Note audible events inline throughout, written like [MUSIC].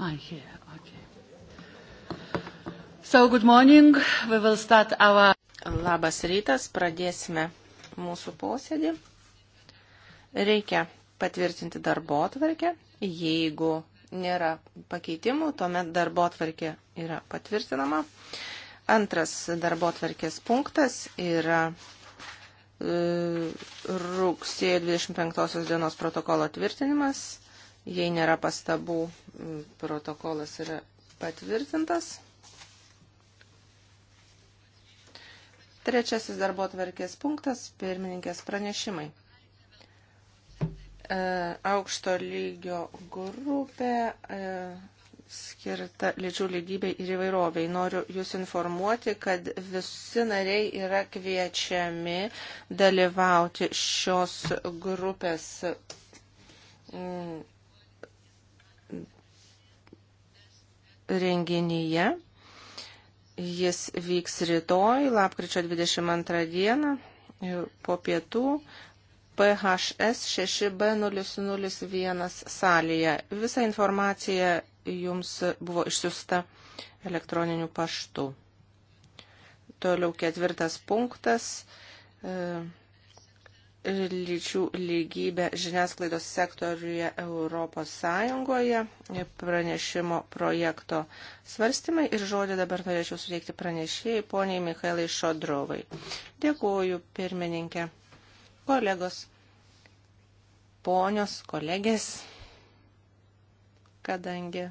I'm here, okay. So, good morning. We will start our... Labas rytas, pradėsime mūsų posėdį. Reikia patvirtinti darbo atvarkę. Jeigu nėra pakeitimų, tuomet darbo atvarkė yra patvirtinama. Antras darbo atvarkės punktas yra e, rugsėjo 25 dienos protokolo tvirtinimas. Jei nėra pastabų, protokolas yra patvirtintas. Trečiasis darbo atverkės punktas – pirmininkės pranešimai. E, aukšto lygio grupė e, skirta lyčių lygybei ir įvairoviai. Noriu Jūs informuoti, kad visi nariai yra kviečiami dalyvauti šios grupės mm, renginyje. Jis vyks rytoj, lapkričio 22 dieną, po pietų, PHS 6B001 salėje. Visa informacija jums buvo išsiusta elektroniniu paštu. Toliau ketvirtas punktas. E, lyčių lygybę žiniasklaidos sektoriuje Europos Sąjungoje pranešimo projekto svarstymai ir žodį dabar norėčiau suteikti pranešėjai poniai Mikhailai Šodrovai. Dėkuoju, pirmininkė, kolegos, ponios, kolegės, kadangi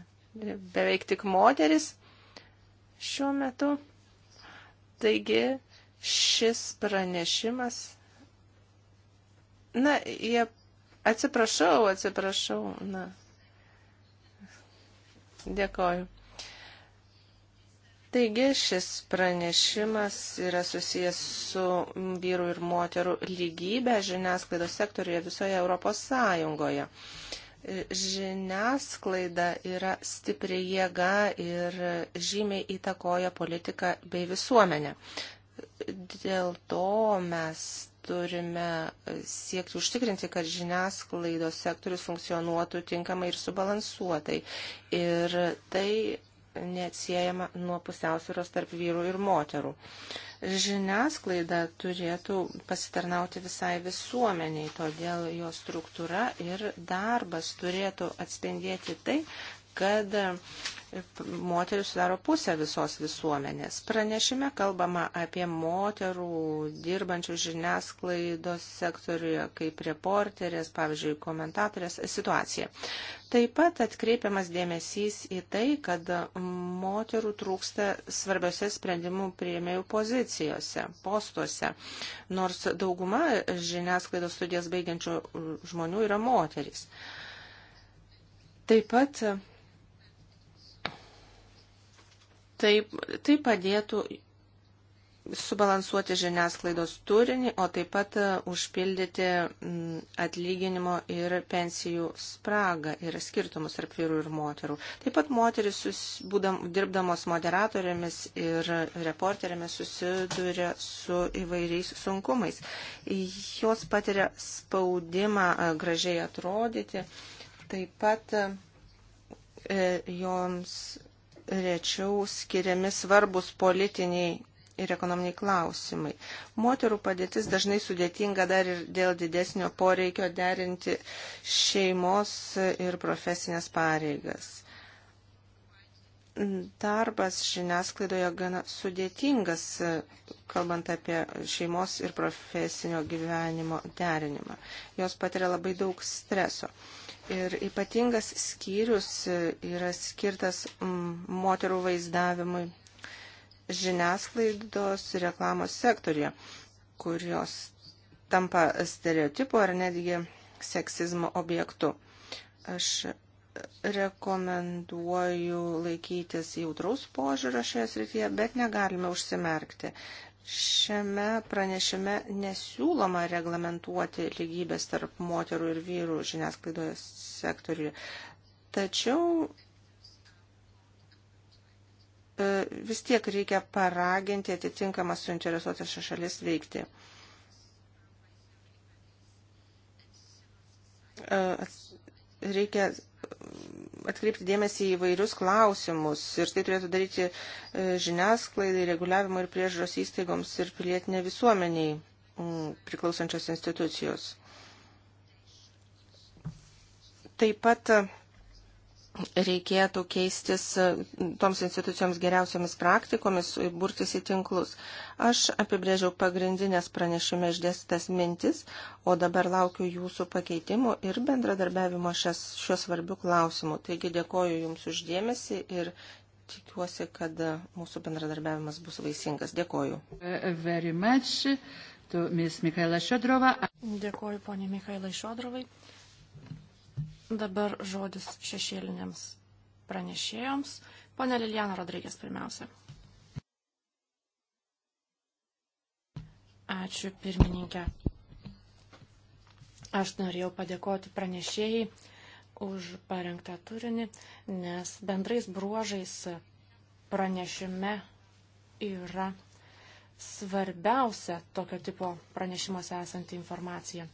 beveik tik moteris šiuo metu. Taigi šis pranešimas Na, jie. Atsiprašau, atsiprašau. Na. Dėkoju. Taigi šis pranešimas yra susijęs su vyrų ir moterų lygybė žiniasklaidos sektoriuje visoje Europos Sąjungoje. Žiniasklaida yra stipri jėga ir žymiai įtakoja politiką bei visuomenę. Dėl to mes turime siekti užtikrinti, kad žiniasklaidos sektorius funkcionuotų tinkamai ir subalansuotai. Ir tai neatsiejama nuo pusiausvėros tarp vyrų ir moterų. Žiniasklaida turėtų pasitarnauti visai visuomeniai, todėl jo struktūra ir darbas turėtų atspindėti tai, kad e, moterių sudaro pusę visos visuomenės. Pranešime kalbama apie moterų dirbančių žiniasklaidos sektoriuje kaip reporterės, pavyzdžiui, komentatorės situaciją. Taip pat atkreipiamas dėmesys į tai, kad moterų trūksta svarbiose sprendimų prieimėjų pozicijose, postuose, nors dauguma žiniasklaidos studijas baigiančių žmonių yra moteris. Taip pat Taip, tai padėtų subalansuoti žiniasklaidos turinį, o taip pat e, užpildyti atlyginimo ir pensijų spragą ir skirtumus tarp vyrų ir moterų. Taip pat moteris, būdam, dirbdamos moderatorėmis ir reporterėmis, susiduria su įvairiais sunkumais. Jos patiria spaudimą e, gražiai atrodyti. Taip pat e, joms rečiau skiriami svarbus politiniai ir ekonominiai klausimai. Moterų padėtis dažnai sudėtinga dar ir dėl didesnio poreikio derinti šeimos ir profesinės pareigas. Darbas žiniasklaidoje gana sudėtingas, kalbant apie šeimos ir profesinio gyvenimo derinimą. Jos patiria labai daug streso. Ir ypatingas skyrius e, yra skirtas moterų vaizdavimui žiniasklaidos reklamos sektorija, kurios tampa stereotipų ar netgi seksizmo objektu. Aš rekomenduoju laikytis jautraus požiūrio šioje srityje, bet negalime užsimerkti. Šiame pranešime nesiūloma reglamentuoti lygybės tarp moterų ir vyrų žiniasklaidoje sektoriuje. Tačiau e, vis tiek reikia paraginti atitinkamas suinteresuotas šalis veikti. E, reikia atkreipti dėmesį į vairius klausimus ir tai turėtų daryti e, žiniasklaidai, reguliavimo ir priežiūros įstaigoms ir pilietinė visuomeniai mm, priklausančios institucijos. Taip pat reikėtų keistis e, toms institucijoms geriausiamis praktikomis, burtis į tinklus. Aš apibrėžiau pagrindinės pranešime išdėstytas mintis, o dabar laukiu jūsų pakeitimų ir bendradarbiavimo šios, šios svarbių klausimų. Taigi dėkoju Jums uždėmesi ir tikiuosi, kad e, mūsų bendradarbiavimas bus vaisingas. Dėkoju. Dėkoju, ponė Mikhailai Šodrovai. Dabar žodis šešėliniams pranešėjoms. Pone Lilijana Rodrygės pirmiausia. Ačiū pirmininkė. Aš norėjau padėkoti pranešėjai už parengtą turinį, nes bendrais bruožais pranešime yra svarbiausia tokio tipo pranešimuose esanti informacija.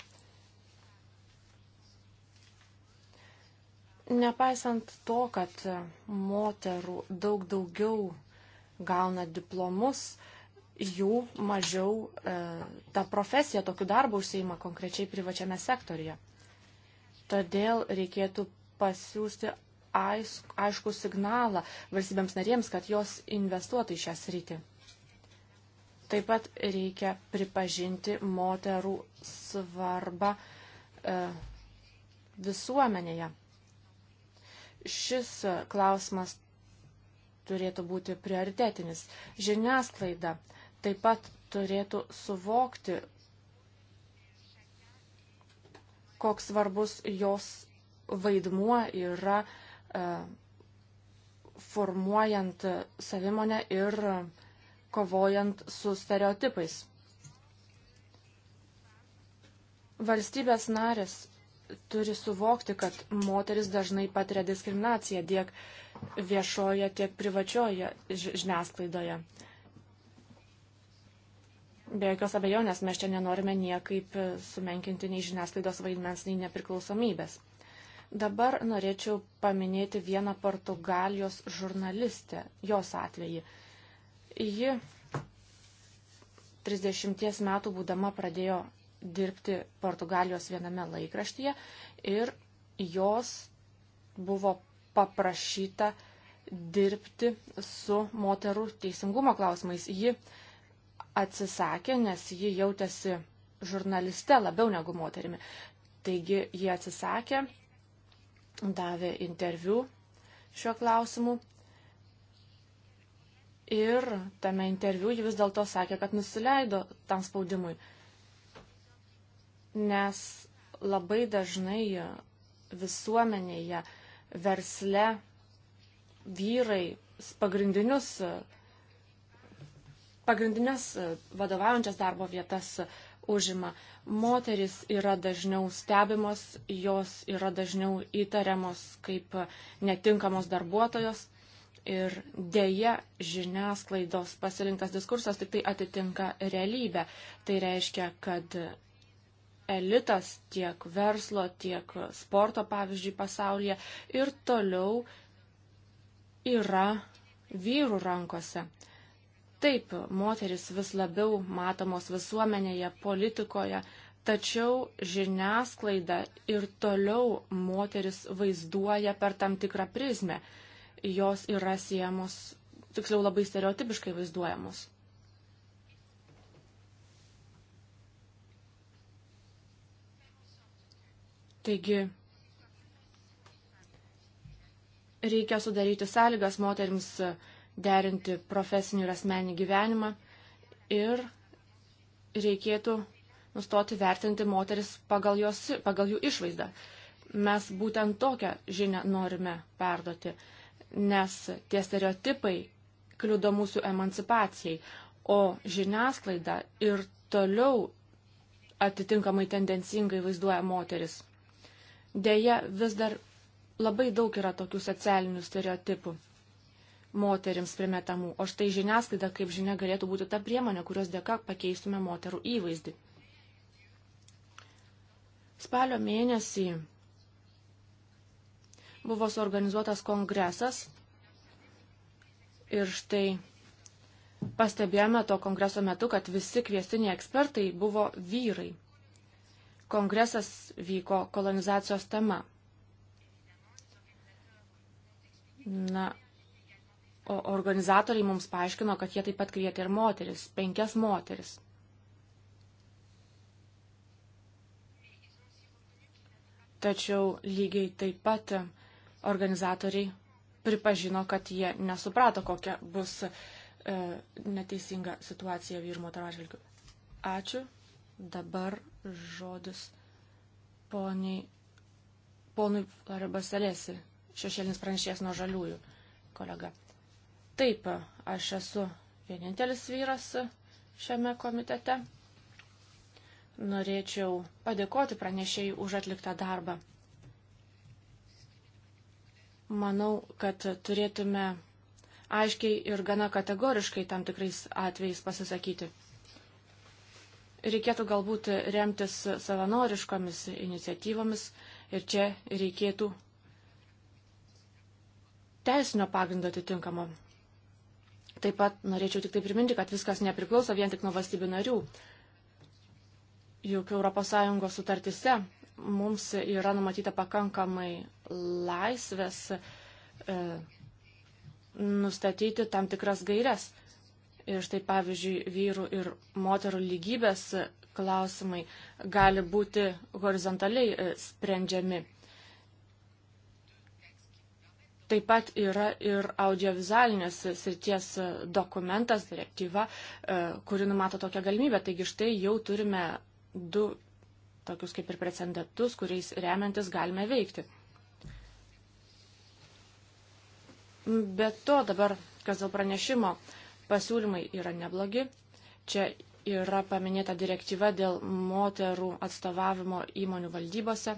Nepaisant to, kad moterų daug daugiau gauna diplomus, jų mažiau e, ta profesija tokiu darbu užseima konkrečiai privačiame sektorija. Todėl reikėtų pasiūsti aišku signalą valstybėms narėms, kad jos investuotų į šią sritį. Taip pat reikia pripažinti moterų svarbą e, visuomenėje šis klausimas turėtų būti prioritetinis. Žiniasklaida taip pat turėtų suvokti, koks svarbus jos vaidmuo yra e, formuojant savimonę ir kovojant su stereotipais. Valstybės narės turi suvokti, kad moteris dažnai patiria diskriminaciją tiek viešoje, tiek privačioje žiniasklaidoje. Be jokios abejonės mes čia nenorime niekaip sumenkinti nei žiniasklaidos vaidmens, nei nepriklausomybės. Dabar norėčiau paminėti vieną Portugalijos žurnalistę, jos atvejį. Ji 30 metų būdama pradėjo dirbti Portugalijos viename laikraštyje ir jos buvo paprašyta dirbti su moterų teisingumo klausimais. Ji atsisakė, nes ji jautėsi žurnaliste labiau negu moterimi. Taigi ji atsisakė, davė interviu šiuo klausimu. Ir tame interviu ji vis dėlto sakė, kad nusileido tam spaudimui nes labai dažnai visuomenėje, versle vyrai pagrindinius, pagrindinės vadovaujančias darbo vietas užima. Moteris yra dažniau stebimos, jos yra dažniau įtariamos kaip netinkamos darbuotojos. Ir dėja žiniasklaidos pasirinktas diskursas tik tai atitinka realybę. Tai reiškia, kad elitas tiek verslo, tiek sporto, pavyzdžiui, pasaulyje ir toliau yra vyrų rankose. Taip, moteris vis labiau matomos visuomenėje, politikoje, tačiau žiniasklaida ir toliau moteris vaizduoja per tam tikrą prizmę. Jos yra siejamos, tiksliau labai stereotipiškai vaizduojamos. Taigi reikia sudaryti sąlygas moterims derinti profesinį ir asmenį gyvenimą ir reikėtų nustoti vertinti moteris pagal, jos, pagal jų išvaizdą. Mes būtent tokią žinią norime perduoti, nes tie stereotipai kliudo mūsų emancipacijai, o žiniasklaida ir toliau atitinkamai tendencingai vaizduoja moteris. Deja, vis dar labai daug yra tokių socialinių stereotipų moteriams primetamų, o štai žiniasklaida, kaip žinia, galėtų būti ta priemonė, kurios dėka pakeistume moterų įvaizdį. Spalio mėnesį buvo suorganizuotas kongresas ir štai pastebėjome to kongreso metu, kad visi kviestiniai ekspertai buvo vyrai kongresas vyko kolonizacijos tema. Na, o organizatoriai mums paaiškino, kad jie taip pat kvietė ir moteris, penkias moteris. Tačiau lygiai taip pat organizatoriai pripažino, kad jie nesuprato, kokia bus e, neteisinga situacija vyrų moterų atžvilgių. Ačiū. Dabar žodis poniai, ponui Karabasalėsi, šešėlinis pranešėjas nuo žaliųjų kolega. Taip, aš esu vienintelis vyras šiame komitete. Norėčiau padėkoti pranešėjai už atliktą darbą. Manau, kad turėtume aiškiai ir gana kategoriškai tam tikrais atvejais pasisakyti reikėtų galbūt remtis savanoriškomis iniciatyvomis ir čia reikėtų teisinio pagrindo atitinkamo. Taip pat norėčiau tik tai priminti, kad viskas nepriklauso vien tik nuo valstybių narių. Juk ES sutartise mums yra numatyta pakankamai laisvės e, nustatyti tam tikras gairias. Ir štai pavyzdžiui, vyrų ir moterų lygybės klausimai gali būti horizontaliai e, sprendžiami. Taip pat yra ir audiovizualinės srities e, dokumentas, direktyva, e, kuri numato tokią galimybę. Taigi štai jau turime du tokius kaip ir precedentus, kuriais remiantis galime veikti. Bet to dabar, kas dėl pranešimo, uh, Pasiūlymai yra neblogi. Čia yra paminėta direktyva dėl moterų atstovavimo įmonių valdybose.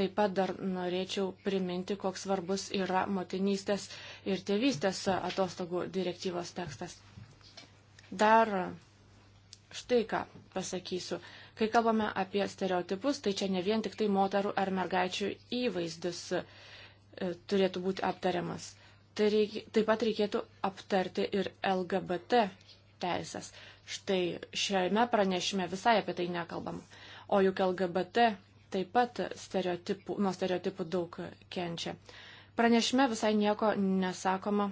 Taip pat dar norėčiau priminti, koks svarbus yra motinystės ir tėvystės atostogų direktyvos tekstas. Dar štai ką pasakysiu. Kai kalbame apie stereotipus, tai čia ne vien tik tai moterų ar mergaičių įvaizdis e, turėtų būti aptariamas. Tai reik, taip pat reikėtų aptarti ir LGBT teisės. Štai šiame pranešime visai apie tai nekalbam. O juk LGBT taip pat stereotipų, nuo stereotipų daug kenčia. Pranešime visai nieko nesakoma,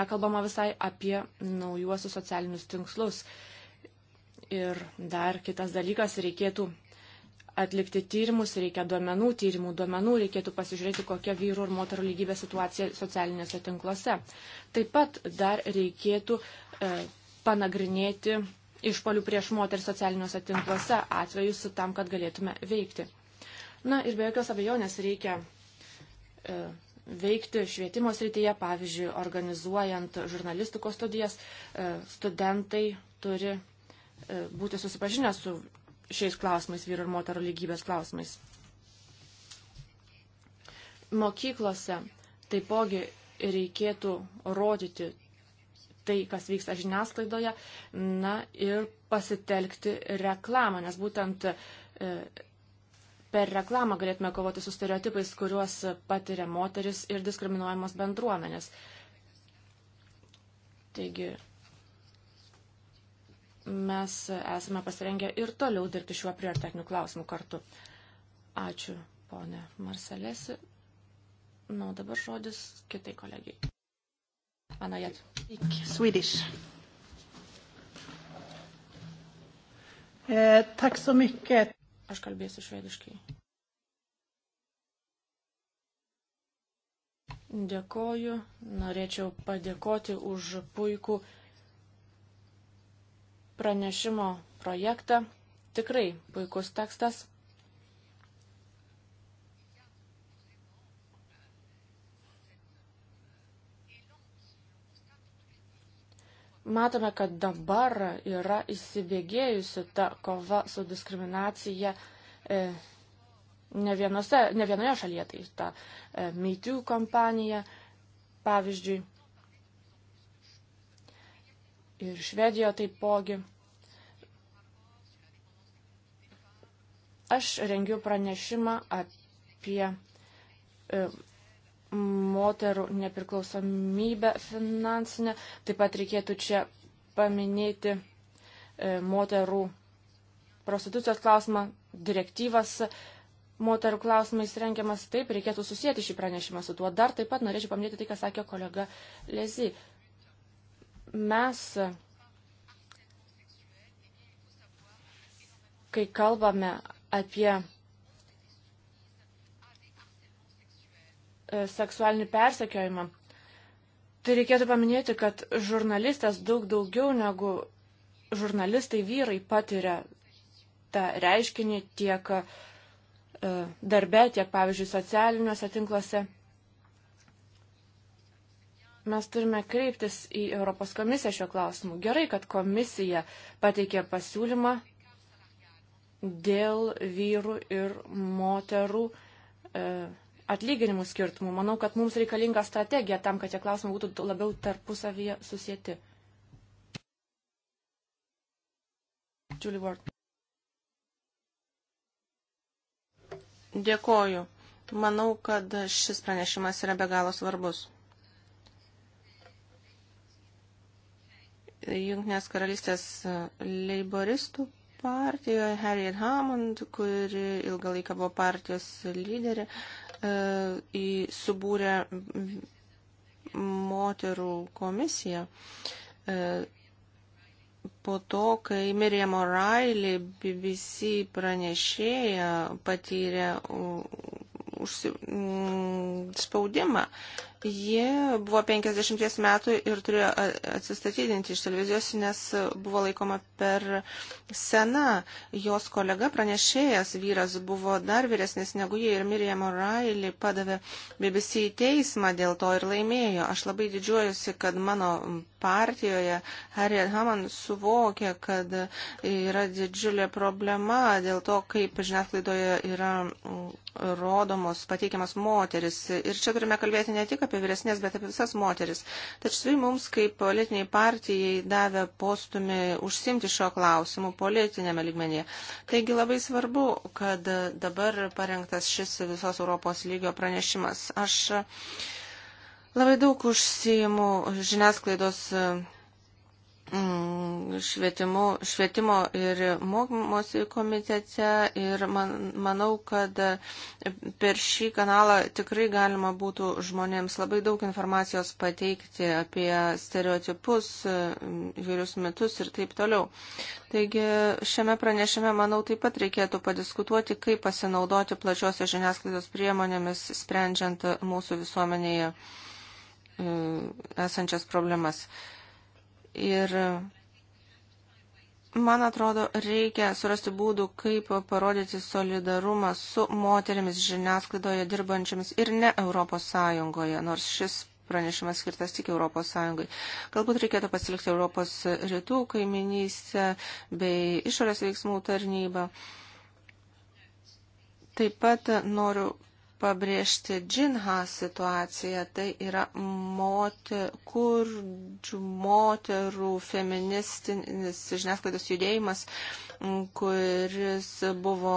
nekalbama visai apie naujuosius socialinius tinkslus. Ir dar kitas dalykas, reikėtų atlikti tyrimus, reikia duomenų, tyrimų duomenų, reikėtų pasižiūrėti, kokia vyrų ir moterų lygybė situacija socialiniuose tinkluose. Taip pat dar reikėtų e, panagrinėti išpolių prieš moterį socialiniuose tinkluose atvejus tam, kad galėtume veikti. Na ir be jokios abejonės reikia e, veikti švietimo srityje, pavyzdžiui, organizuojant žurnalistikos studijas, e, studentai turi e, būti susipažinę su šiais klausimais, vyru ir moterų lygybės klausimais. Mokyklose taipogi reikėtų rodyti tai, kas vyksta žiniasklaidoje, na ir pasitelkti reklamą, nes būtent e, per reklamą galėtume kovoti su stereotipais, kuriuos patiria moteris ir diskriminuojamos bendruomenės. Taigi, mes esame pasirengę ir toliau dirbti šiuo prioritetiniu klausimu kartu. Ačiū, ponė Marcelėsi. Na, nu, dabar žodis kitai kolegijai. Anna Jat. Swedish. E, eh, tak so mycket. Aš kalbėsiu švediškai. Dėkoju. Norėčiau padėkoti už puikų pranešimo projektą. Tikrai puikus tekstas. Matome, kad dabar yra įsibėgėjusi ta kova su diskriminacija e, ne, vienose, ne vienoje šalyje, tai ta e, MeToo kompanija, pavyzdžiui ir Švedijoje taipogi. Aš rengiu pranešimą apie e, moterų nepriklausomybę finansinę. Taip pat reikėtų čia paminėti e, moterų prostitucijos klausimą, direktyvas moterų klausimais rengiamas. Taip, reikėtų susijęti šį pranešimą su tuo. Dar taip pat norėčiau paminėti tai, ką sakė kolega Lezi. E, mes, kai kalbame apie e, seksualinį persekiojimą, tai reikėtų paminėti, kad žurnalistas daug daugiau negu žurnalistai vyrai patiria tą reiškinį tiek e, darbe, tiek, pavyzdžiui, socialiniuose tinkluose mes turime kreiptis į Europos komisiją šiuo klausimu. Gerai, kad komisija pateikė pasiūlymą dėl vyrų ir moterų e, atlyginimų skirtumų. Manau, kad mums reikalinga strategija tam, kad tie klausimai būtų labiau tarpusavyje susijęti. Julie Ward. Dėkoju. Manau, kad šis pranešimas yra be galo svarbus. Junknės karalystės e, leiboristų partijoje, Harriet Hammond, kuri ilgą laiką buvo partijos lyderė, e, subūrė moterų komisiją. E, po to, kai Miriam O'Reilly, BBC pranešėja, patyrė užsi... spaudimą Ji buvo 50 metų ir turėjo atsistatydinti iš televizijos, nes buvo laikoma per sena. Jos kolega pranešėjas vyras buvo dar vyresnis negu ji ir Miriam O'Reilly padavė BBC į teismą dėl to ir laimėjo. Aš labai didžiuojusi, kad mano partijoje Harriet Haman suvokė, kad yra didžiulė problema dėl to, kaip žiniasklaidoje yra mm, rodomos, pateikiamas moteris. Ir čia turime kalbėti ne tik apie apie vyresnės, bet apie visas moteris. Tačiau mums kaip politiniai partijai davė postumį užsimti šio klausimu politinėme ligmenyje. Taigi labai svarbu, kad dabar parengtas šis visos Europos lygio pranešimas. Aš labai daug užsijimu žiniasklaidos Mm, švietimu, švietimo ir mokymosi komitete ir man, manau, kad per šį kanalą tikrai galima būtų žmonėms labai daug informacijos pateikti apie stereotipus, vyrius mitus ir taip toliau. Taigi šiame pranešime, manau, taip pat reikėtų padiskutuoti, kaip pasinaudoti plačiosios žiniasklaidos priemonėmis, sprendžiant mūsų visuomenėje e, esančias problemas. Ir man atrodo, reikia surasti būdų, kaip parodyti solidarumą su moterimis žiniasklaidoje dirbančiamis ir ne Europos Sąjungoje, nors šis pranešimas skirtas tik Europos Sąjungai. Galbūt reikėtų pasilikti Europos rytų kaiminystę bei išorės veiksmų tarnybą. Taip pat noriu pabrėžti džinha situaciją. Tai yra moter, kurdžių moterų feministinis žiniasklaidos judėjimas kuris buvo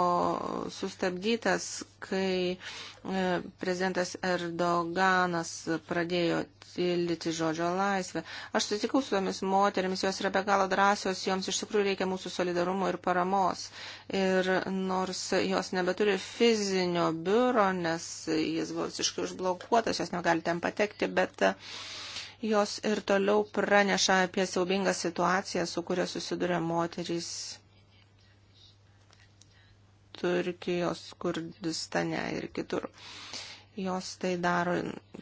sustabdytas, kai e, prezidentas Erdoganas pradėjo tildyti žodžio laisvę. Aš sutikau su tomis moterimis, jos yra be galo drąsios, joms iš tikrųjų reikia mūsų solidarumo ir paramos. Ir nors jos nebeturi fizinio biuro, nes jis buvo visiškai užblokuotas, jos negali ten patekti, bet e, jos ir toliau praneša apie siaubingą situaciją, su kuria susiduria moterys Turkijos, Kurdistane ir kitur. Jos tai daro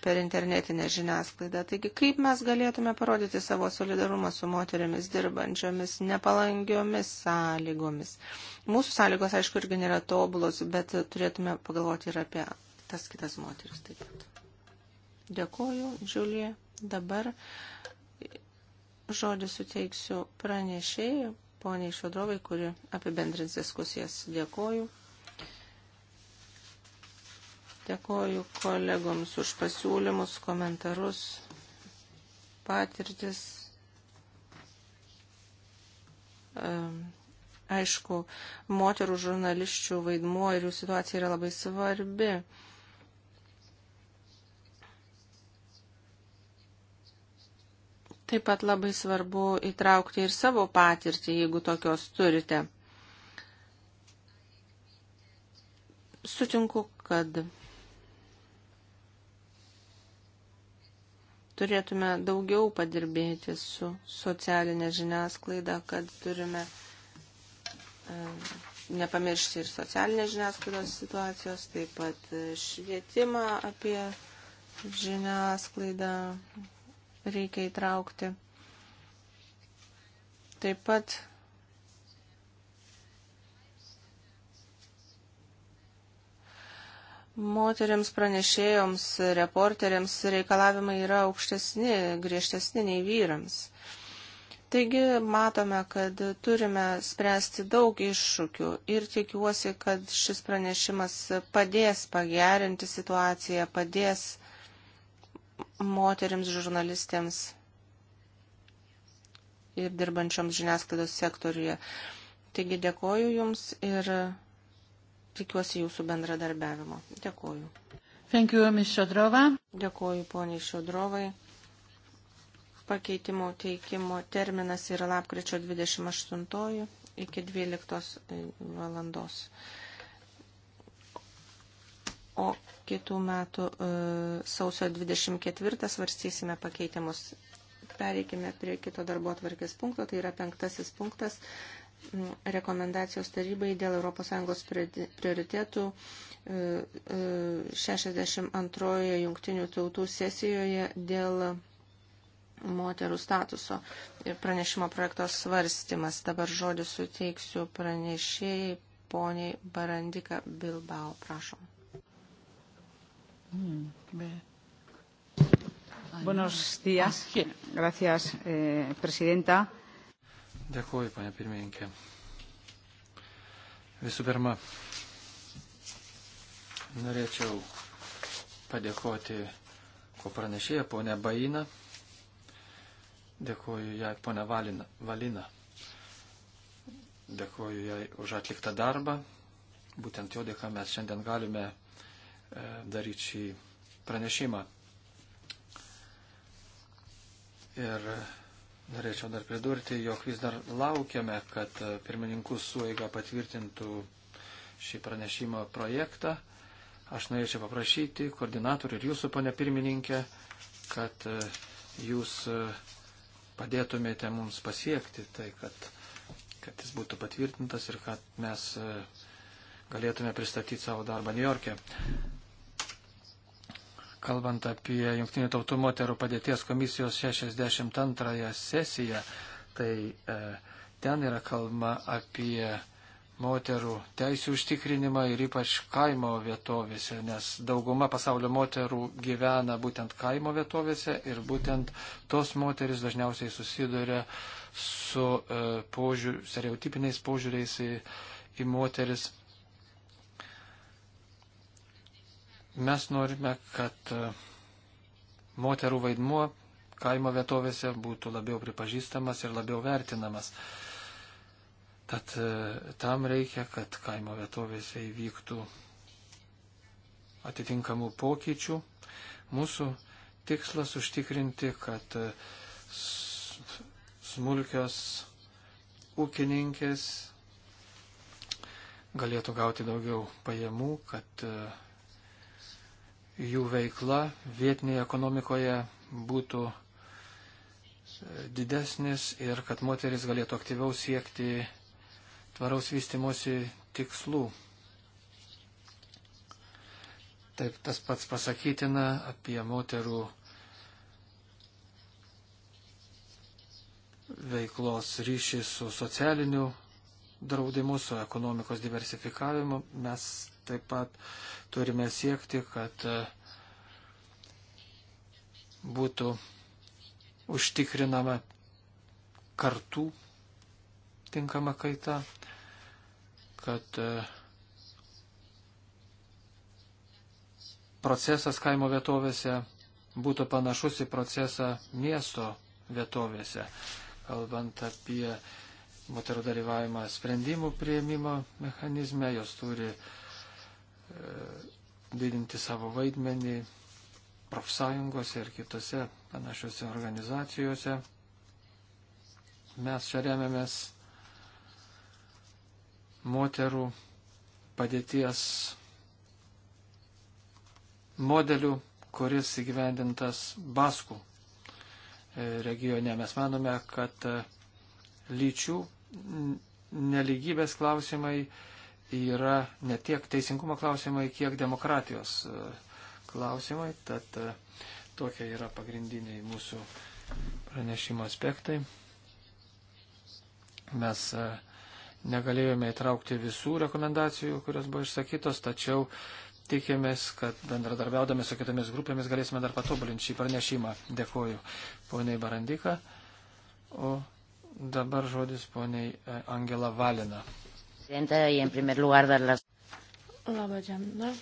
per internetinę žiniasklaidą. Taigi, kaip mes galėtume parodyti savo solidarumą su moteriamis dirbančiomis nepalangiomis sąlygomis? Mūsų sąlygos, aišku, irgi nėra tobulos, bet turėtume pagalvoti ir apie tas kitas moteris taip pat. Dėkoju, Džiulė. Dabar žodį suteiksiu pranešėjui, poniai Šodrovai, kuri apibendrins diskusijas. Dėkoju. Dėkoju kolegoms už pasiūlymus, komentarus, patirtis. Aišku, moterų žurnališčių vaidmuo ir jų situacija yra labai svarbi. Taip pat labai svarbu įtraukti ir savo patirtį, jeigu tokios turite. Sutinku, kad turėtume daugiau padirbėti su socialinė žiniasklaida, kad turime e, nepamiršti ir socialinės žiniasklaidos situacijos, taip pat švietimą apie žiniasklaidą, reikia įtraukti. Taip pat moteriams pranešėjoms, reporteriams reikalavimai yra aukštesni, griežtesni nei vyrams. Taigi matome, kad turime spręsti daug iššūkių ir tikiuosi, kad šis pranešimas padės pagerinti situaciją, padės moteriams žurnalistėms ir dirbančioms žiniasklaidos sektoriuje. Taigi dėkoju Jums ir tikiuosi Jūsų bendradarbiavimo. Dėkoju. Thank you, Ms. Šodrova. Dėkoju, poniai Šodrovai. Pakeitimo teikimo terminas yra lapkričio 28 iki 12 valandos. O Kitų metų e, sausio 24 svarstysime pakeitimus. Pereikime prie kito darbo atvarkės punkto, tai yra penktasis punktas rekomendacijos tarybai dėl ES prioritėtų 62 jungtinių tautų sesijoje dėl moterų statuso ir pranešimo projekto svarstymas. Dabar žodį suteiksiu pranešėjai poniai Barandika Bilbao. Prašom. Mm, Buenos días. Ah, Gracias, eh, presidenta. Dėkuoju, panė pirmininkė. Visų pirma, norėčiau padėkoti ko pranešėja, ponė Baina. Dėkuoju jai, ponė Valina. Valina. Dėkuoju jai už atliktą darbą. Būtent jo dėka mes šiandien galime E, daryti šį pranešimą. Ir norėčiau dar pridurti, jog vis dar laukiame, kad pirmininkų suėga patvirtintų šį pranešimo projektą. Aš norėčiau paprašyti koordinatorių ir jūsų, ponė pirmininkė, kad e, jūs e, padėtumėte mums pasiekti tai, kad, kad jis būtų patvirtintas ir kad mes galėtume pristatyti savo darbą New York'e kalbant apie Junktinių tautų moterų padėties komisijos 62 sesiją, tai e, ten yra kalba apie moterų teisų užtikrinimą ir ypač kaimo vietovėse, nes dauguma pasaulio moterų gyvena būtent kaimo vietovėse ir būtent tos moteris dažniausiai susiduria su e, požiūr, stereotipiniais požiūriais į, į moteris Mes norime, kad e, moterų vaidmuo kaimo vietovėse būtų labiau pripažįstamas ir labiau vertinamas. Tad e, tam reikia, kad kaimo vietovėse įvyktų atitinkamų pokyčių. Mūsų tikslas užtikrinti, kad e, smulkios ūkininkės galėtų gauti daugiau pajamų, kad uh, jų veikla vietinėje ekonomikoje būtų e, didesnis ir kad moteris galėtų aktyviau siekti tvaraus vystimosi tikslų. Taip tas pats pasakytina apie moterų veiklos ryšį su socialiniu draudimu, su ekonomikos diversifikavimu. Mes taip pat turime siekti, kad e, būtų užtikrinama kartų tinkama kaita, kad e, procesas kaimo vietovėse būtų panašus į procesą miesto vietovėse, kalbant apie moterų dalyvavimą sprendimų prieimimo mechanizme, jos turi uh, E, didinti savo vaidmenį profsąjungose ir kitose panašiose organizacijose. Mes čia remiamės moterų padėties modeliu, kuris įgyvendintas Baskų e, regione. Mes manome, kad e, lyčių neligybės klausimai yra ne tiek teisingumo klausimai, kiek demokratijos e, klausimai. Tad e, tokie yra pagrindiniai mūsų pranešimo aspektai. Mes e, negalėjome įtraukti visų rekomendacijų, kurios buvo išsakytos, tačiau tikėmės, kad bendradarbiaudami su kitomis grupėmis galėsime dar patobulinti šį pranešimą. Dėkuoju poniai Barandika. O dabar žodis poniai Angela Valina. Labą dieną,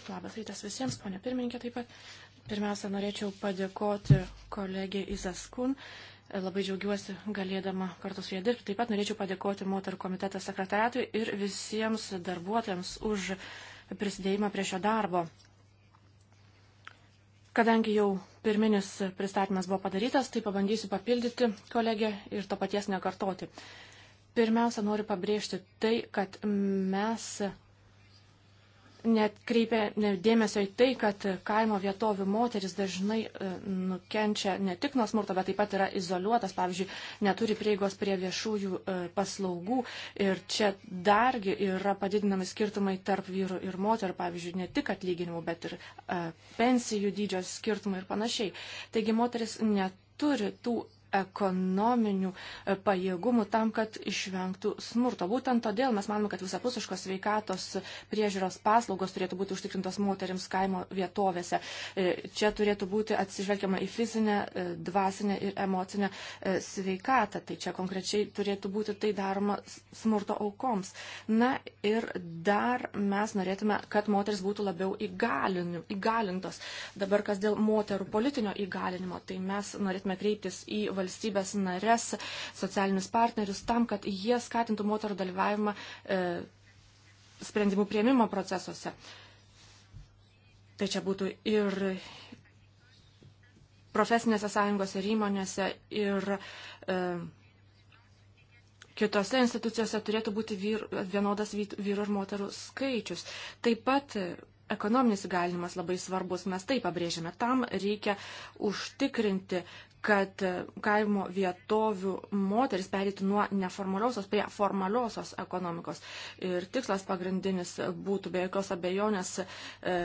labas rytas visiems, ponė pirmininkė taip pat. Pirmiausia, norėčiau padėkoti kolegijai Izaskun. Labai džiaugiuosi galėdama kartu su jie dirbti. Taip pat norėčiau padėkoti moterų komiteto sekretariatui ir visiems darbuotojams už prisidėjimą prie šio darbo. Kadangi jau pirminis pristatymas buvo padarytas, tai pabandysiu papildyti kolegę ir to paties nekartoti. Pirmiausia, noriu pabrėžti tai, kad mes net kreipia dėmesio į tai, kad kaimo vietovių moteris dažnai e, nukenčia ne tik nuo smurto, bet taip pat yra izoliuotas, pavyzdžiui, neturi prieigos prie viešųjų e, paslaugų. Ir čia dargi yra padidinami skirtumai tarp vyrų ir moterų, pavyzdžiui, ne tik atlyginimų, bet ir e, pensijų dydžio skirtumai ir panašiai. Taigi moteris neturi tų ekonominių e, pajėgumų tam, kad išvengtų smurto. Būtent todėl mes manome, kad visapusiškos sveikatos priežiūros paslaugos turėtų būti užtikrintos moteriams kaimo vietovėse. E, čia turėtų būti atsižvelgiama į fizinę, e, dvasinę ir emocinę sveikatą. Tai čia konkrečiai turėtų būti tai daroma smurto aukoms. Na ir dar mes norėtume, kad moteris būtų labiau įgalintos. Dabar kas dėl moterų politinio įgalinimo, tai mes norėtume kreiptis į valstybę valstybės narės, socialinius partnerius, tam, kad jie skatintų moterų dalyvavimą e, sprendimų prieimimo procesuose. Tai čia būtų ir profesinėse sąjungose ir įmonėse ir e, kitose institucijose turėtų būti vyr, vienodas vyrų ir moterų skaičius. Taip pat ekonominis įgalinimas labai svarbus, mes tai pabrėžiame. Tam reikia užtikrinti, kad e, kaimo vietovių moteris perėtų nuo neformaliosios prie formaliosios ekonomikos. Ir tikslas pagrindinis būtų be jokios abejonės e,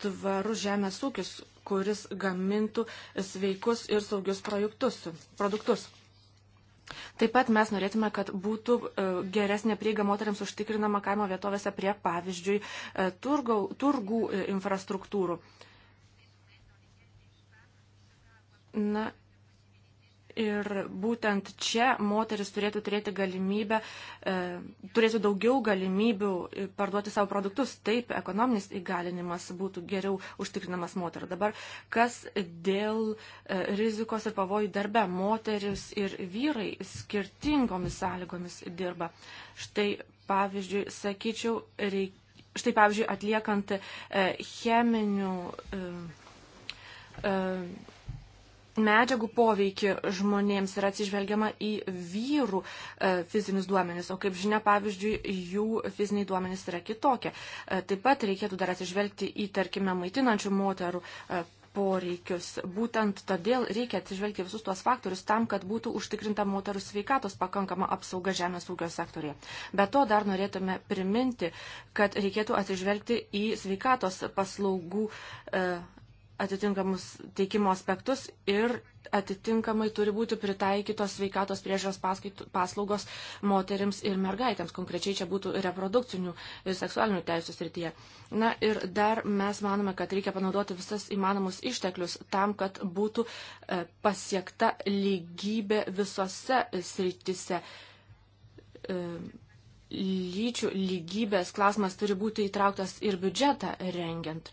tvarus žemės ūkis, kuris gamintų sveikus ir saugius produktus. Taip pat mes norėtume, kad būtų e, geresnė prieiga moteriams užtikrinama kaimo vietovėse prie, pavyzdžiui, turgų, turgų infrastruktūrų. Na Ir būtent čia moteris turėtų turėti galimybę, e, turėtų daugiau galimybių parduoti savo produktus. Taip, ekonominis įgalinimas būtų geriau užtikrinamas moterų. Dabar, kas dėl e, rizikos ir pavojų darbe, moteris ir vyrai skirtingomis sąlygomis dirba. Štai, pavyzdžiui, sakyčiau, reik, štai, pavyzdžiui, atliekant e, cheminių. E, e, medžiagų poveikį žmonėms yra atsižvelgiama į vyrų e, fizinius duomenis, o kaip žinia, pavyzdžiui, jų fiziniai duomenys yra kitokie. E, taip pat reikėtų dar atsižvelgti į, tarkime, maitinančių moterų e, poreikius. Būtent todėl reikia atsižvelgti visus tuos faktorius tam, kad būtų užtikrinta moterų sveikatos pakankama apsauga žemės ūkio sektorėje. Be to dar norėtume priminti, kad reikėtų atsižvelgti į sveikatos paslaugų e, atitinkamus teikimo aspektus ir atitinkamai turi būti pritaikytos sveikatos priežiūros paslaugos moterims ir mergaitėms. Konkrečiai čia būtų reprodukcinių ir seksualinių teisų srityje. Na ir dar mes manome, kad reikia panaudoti visas įmanomus išteklius tam, kad būtų e, pasiekta lygybė visose srityse. E, lyčių lygybės klausimas turi būti įtrauktas ir biudžetą rengiant.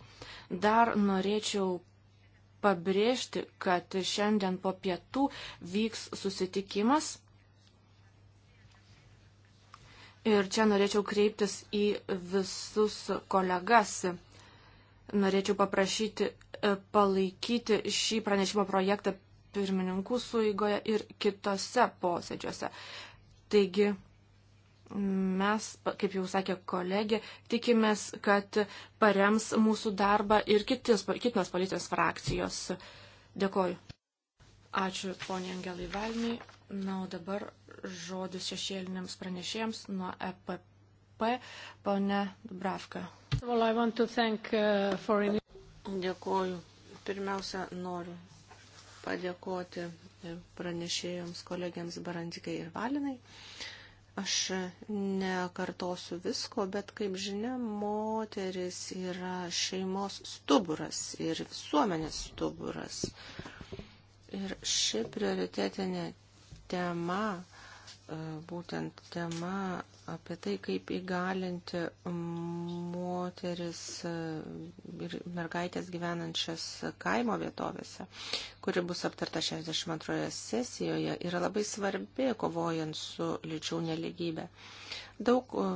Dar norėčiau pabrėžti, kad šiandien po pietų vyks susitikimas. Ir čia norėčiau kreiptis į visus kolegas. Norėčiau paprašyti e, palaikyti šį pranešimo projektą pirmininkų suigoje ir kitose posėdžiuose. Taigi, Mes, kaip jau sakė kolegė, tikimės, kad parems mūsų darbą ir kitis, kitos policijos frakcijos. Dėkoju. Ačiū poniai Angelai Valmiai. Na, o dabar žodis šešėliniams pranešėjams nuo EPP. Pone Dubravka. Well, thank, uh, for... Dėkoju. Pirmiausia, noriu padėkoti pranešėjams kolegiams Barantikai ir Valinai. Uh, Aš nekartosiu visko, bet kaip žinia, moteris yra šeimos stuburas ir visuomenės stuburas. Ir ši prioritetinė tema būtent tema apie tai, kaip įgalinti moteris e, ir mergaitės gyvenančias kaimo vietovėse, kuri bus aptarta 62 sesijoje, yra labai svarbi kovojant su lyčių neligybė. Daug e,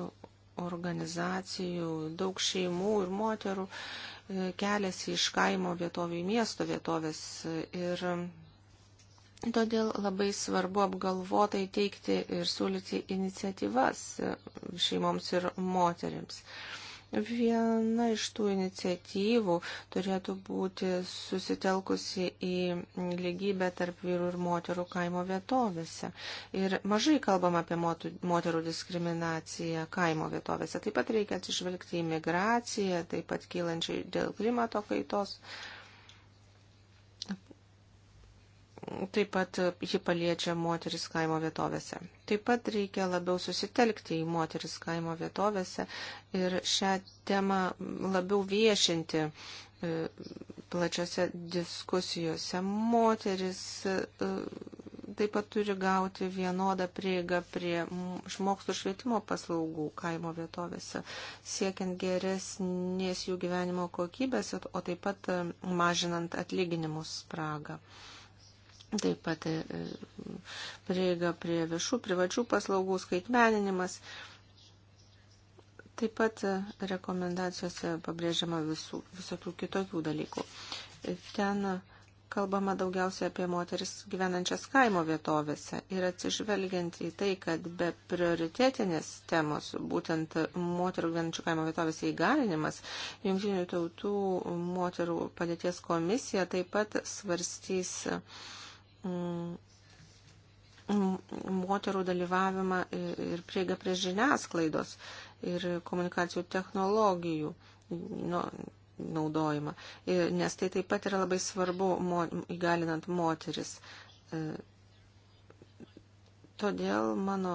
organizacijų, daug šeimų ir moterų e, keliasi iš kaimo vietovių į miesto vietovės ir Todėl labai svarbu apgalvotai teikti ir siūlyti iniciatyvas šeimoms ir moteriams. Viena iš tų iniciatyvų turėtų būti susitelkusi į lygybę tarp vyrų ir moterų kaimo vietovėse. Ir mažai kalbam apie moterų diskriminaciją kaimo vietovėse. Taip pat reikia atsižvelgti į migraciją, taip pat kylančiai dėl klimato kaitos. Uh, Taip pat ji paliečia moteris kaimo vietovėse. Taip pat reikia labiau susitelkti į moteris kaimo vietovėse ir šią temą labiau viešinti e, plačiose diskusijose. Moteris e, taip pat turi gauti vienodą prieigą prie išmokstų švietimo paslaugų kaimo vietovėse, siekiant geresnės jų gyvenimo kokybės, o taip pat e, mažinant atlyginimus spragą. Taip pat e, prieiga prie viešų, privačių paslaugų skaitmeninimas. Taip pat e, rekomendacijose pabrėžiama visų, visokių kitokių dalykų. E, ten kalbama daugiausia apie moteris gyvenančias kaimo vietovėse ir atsižvelgiant į tai, kad be prioritėtinės temos, būtent moterų gyvenančių kaimo vietovėse įgalinimas, Junktinių tautų moterų padėties komisija taip pat svarstys moterų dalyvavimą ir prieigą prie žiniasklaidos ir komunikacijų technologijų nu, naudojimą, nes tai taip pat yra labai svarbu įgalinant moteris. E, todėl mano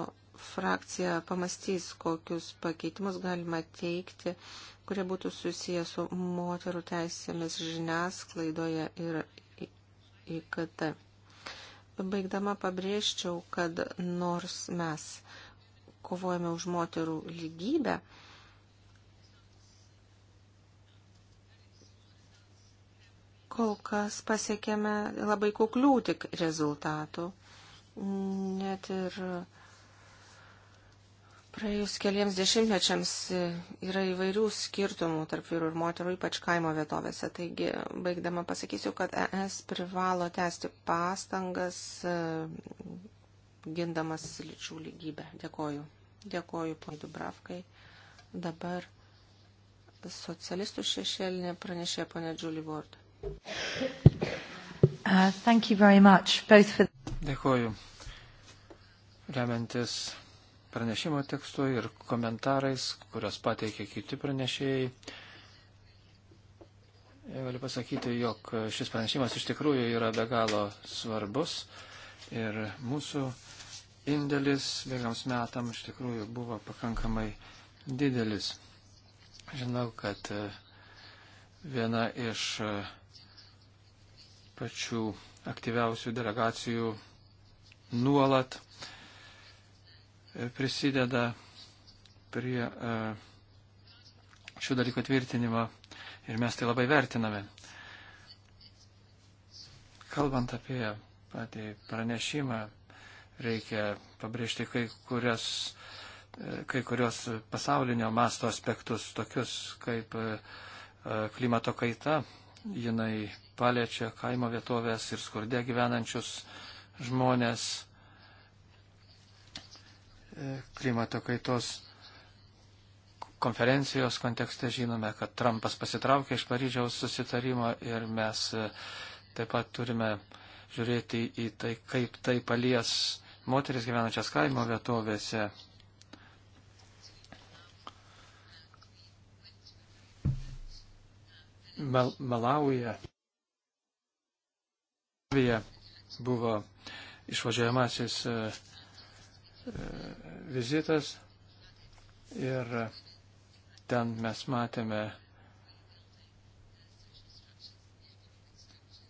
frakcija pamastys, kokius pakeitimus galima teikti, kurie būtų susiję su moterų teisėmis žiniasklaidoje ir IKT. Baigdama pabrėžčiau, kad nors mes kovojame už moterų lygybę, kol kas pasiekėme labai kuklių tik rezultatų. Net ir uh, Praėjus keliems dešimtmečiams e, yra įvairių skirtumų tarp vyrų ir moterų, ypač kaimo vietovėse. Taigi, baigdama pasakysiu, kad ES privalo tęsti pastangas e, gindamas lyčių lygybę. Dėkoju. Dėkoju Plaidų Bravkai. Dabar socialistų šešėlinė pranešė ponė Julie Ward. Uh, for... Dėkoju. Remiantis pranešimo tekstu ir komentarais, kurios pateikė kiti pranešėjai. Galiu pasakyti, jog šis pranešimas iš tikrųjų yra be galo svarbus ir mūsų indėlis bėgams metam iš tikrųjų buvo pakankamai didelis. Žinau, kad e, viena iš e, pačių aktyviausių delegacijų nuolat uh, prisideda prie e, šių dalykų tvirtinimo ir mes tai labai vertiname. Kalbant apie patį pranešimą, reikia pabrėžti kai kurias e, kai kurios pasaulinio masto aspektus, tokius kaip e, klimato kaita, jinai paliečia kaimo vietovės ir skurde gyvenančius žmonės, klimato kaitos konferencijos kontekste žinome, kad Trumpas pasitraukė iš Paryžiaus susitarimo ir mes e, taip pat turime žiūrėti į tai, kaip tai palies moteris gyvenančias kaimo vietovėse. Mal Malauja buvo išvažiuojamasis uh, vizitas ir ten mes matėme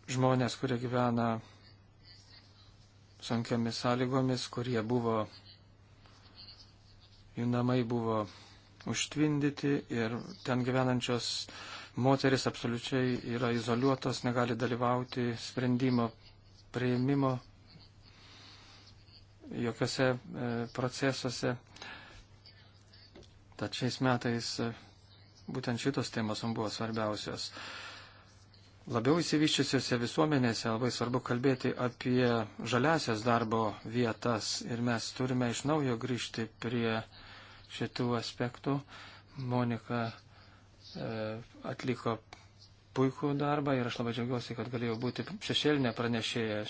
žmonės, kurie gyvena sunkiamis sąlygomis, kurie buvo, jų namai buvo užtvindyti ir ten gyvenančios moteris absoliučiai yra izoliuotos, negali dalyvauti sprendimo prieimimo jokiuose e, procesuose. Tad šiais metais e, būtent šitos temos man buvo svarbiausios. Labiau įsivyščiusiuose visuomenėse labai svarbu kalbėti apie žaliasias darbo vietas ir mes turime iš naujo grįžti prie šitų aspektų. Monika e, atliko puikų darbą ir aš labai džiaugiuosi, kad galėjau būti šešėlinė pranešėja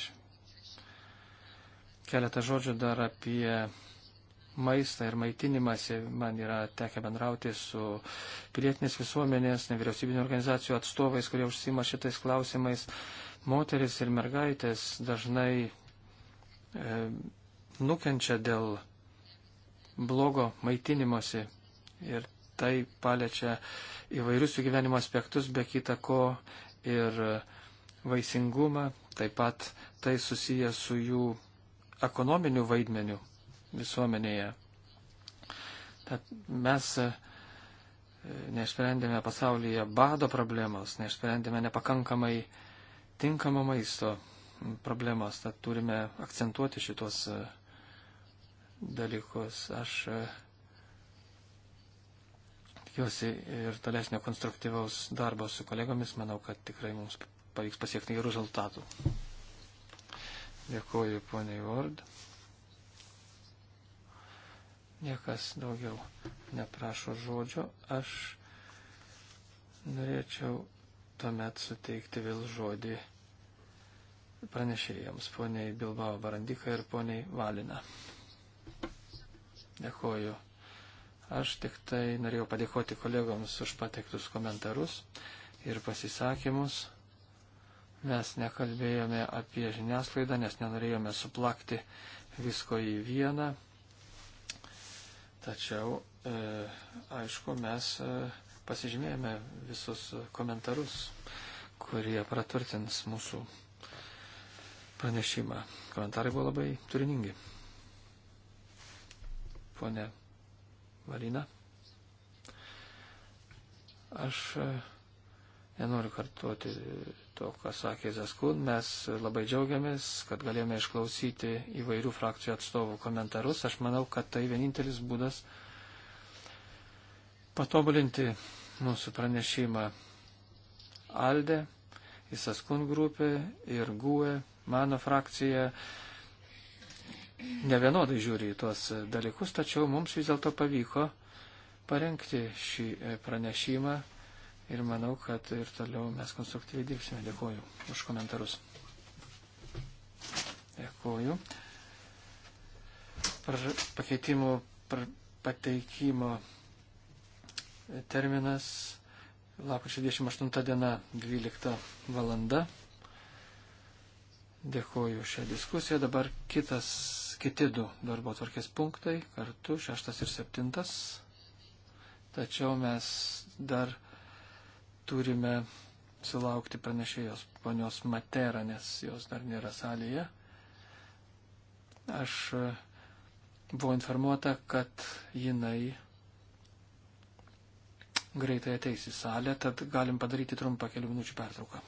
Keletą žodžių dar apie maistą ir maitinimąsi. Man yra tekę bendrauti su pilietinės visuomenės, nevyriausybinio organizacijų atstovais, kurie užsima šitais klausimais. Moteris ir mergaitės dažnai e, nukenčia dėl blogo maitinimosi ir tai paliečia įvairius jų gyvenimo aspektus, be kita ko ir vaisingumą, taip pat tai susijęs su jų ekonominiu vaidmeniu visuomenėje. Tad mes e, neišsprendėme pasaulyje bado problemos, neišsprendėme nepakankamai tinkamo maisto problemos, tad turime akcentuoti šitos e, dalykus. Aš e, tikiuosi ir tolesnio konstruktyvaus darbo su kolegomis, manau, kad tikrai mums pavyks pasiekti gerų rezultatų. Dėkuoju poniai Vord. Niekas daugiau neprašo žodžio. Aš norėčiau tuomet suteikti vėl žodį pranešėjams, poniai Bilbao Barandika ir poniai Valina. Dėkuoju. Aš tik tai norėjau padėkoti kolegoms už pateiktus komentarus ir pasisakymus. Mes nekalbėjome apie žiniasklaidą, nes nenorėjome suplakti visko į vieną. Tačiau, e, aišku, mes e, pasižymėjome visus komentarus, kurie praturtins mūsų pranešimą. Komentarai buvo labai turiningi. Pone Marina, aš. E, Nenoriu kartuoti to, ką sakė Zaskun. Mes labai džiaugiamės, kad galėjome išklausyti įvairių frakcijų atstovų komentarus. Aš manau, kad tai vienintelis būdas patobulinti mūsų pranešimą Alde, Isaskun grupė ir GUE, mano frakcija nevienodai žiūri į tuos dalykus, tačiau mums vis dėlto pavyko parengti šį pranešimą ir manau, kad ir toliau mes konstruktyviai dirbsime. Dėkuoju už komentarus. Dėkuoju. Par pakeitimų par pateikimo terminas lapkričio 28 diena 12 valanda. Dėkuoju šią diskusiją. Dabar kitas, kiti du darbo tvarkės punktai, kartu šeštas ir septintas. Tačiau mes dar turime sulaukti pranešėjos ponios Matera, nes jos dar nėra salėje. Aš e, buvau informuota, kad jinai greitai ateis į salę, tad galim padaryti trumpą kelių minučių pertrauką.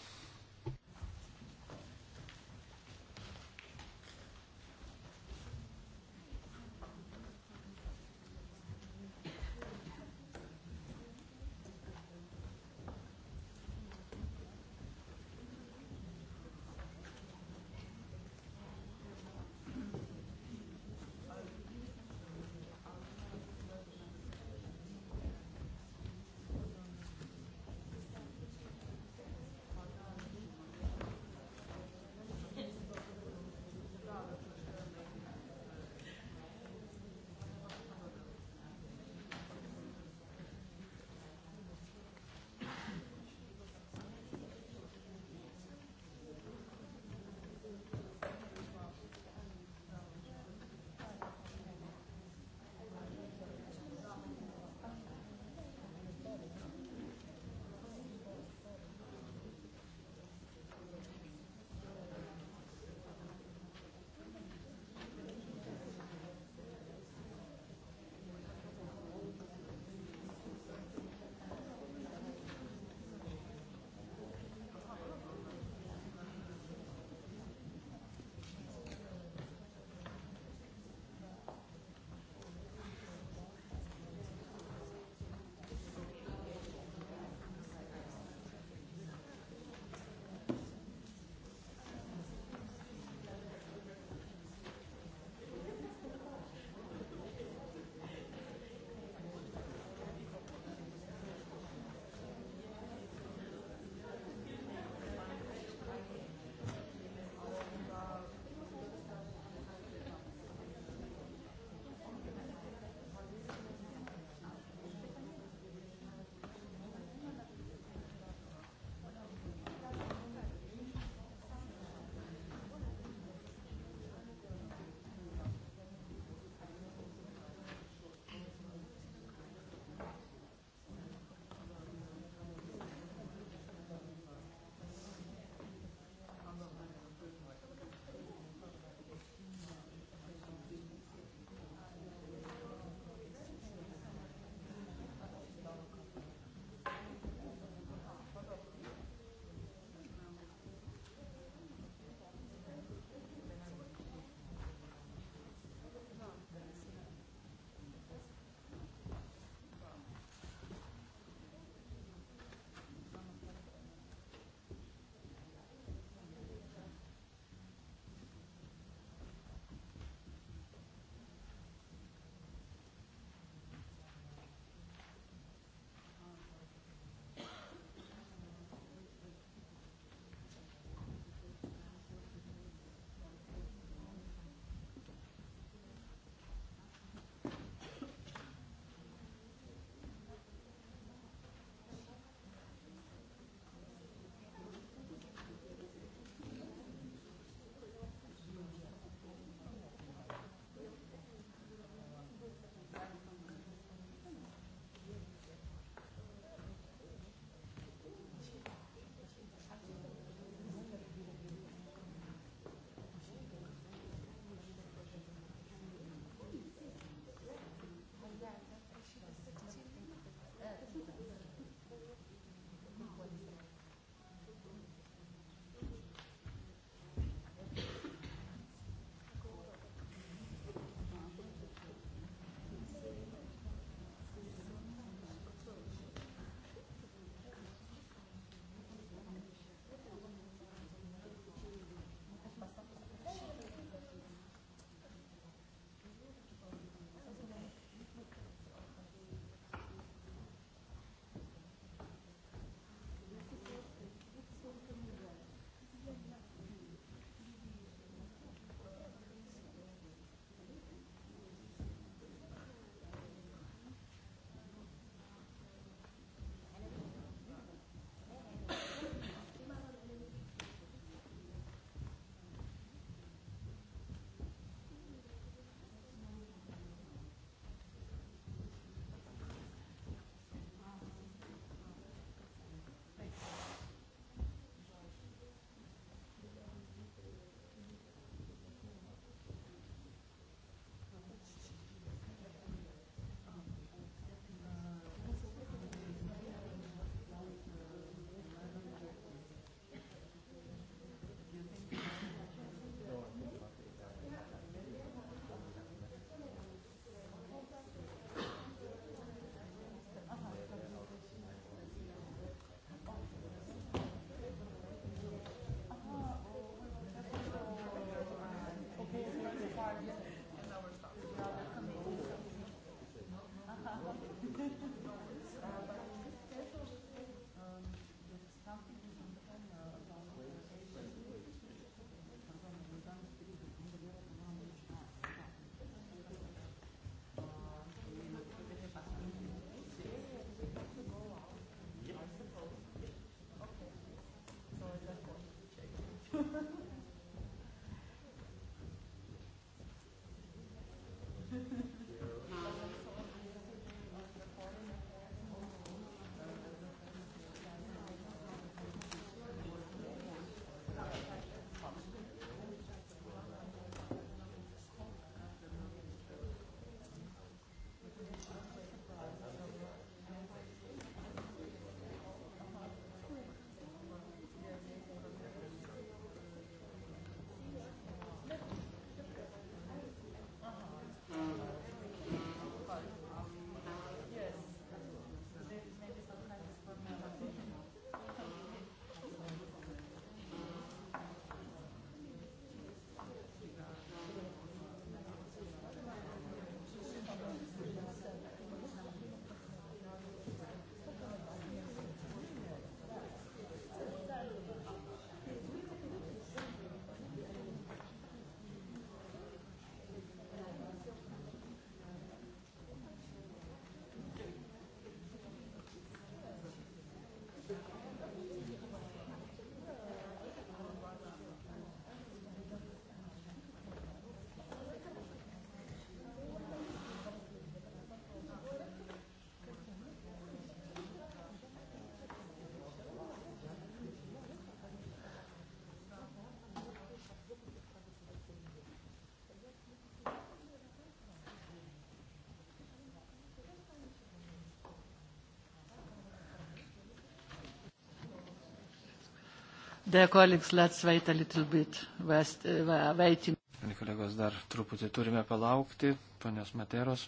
Dear colleagues, let's wait a little bit. West, uh, waiting. Kolegos, dar truputį turime palaukti, ponios Materos.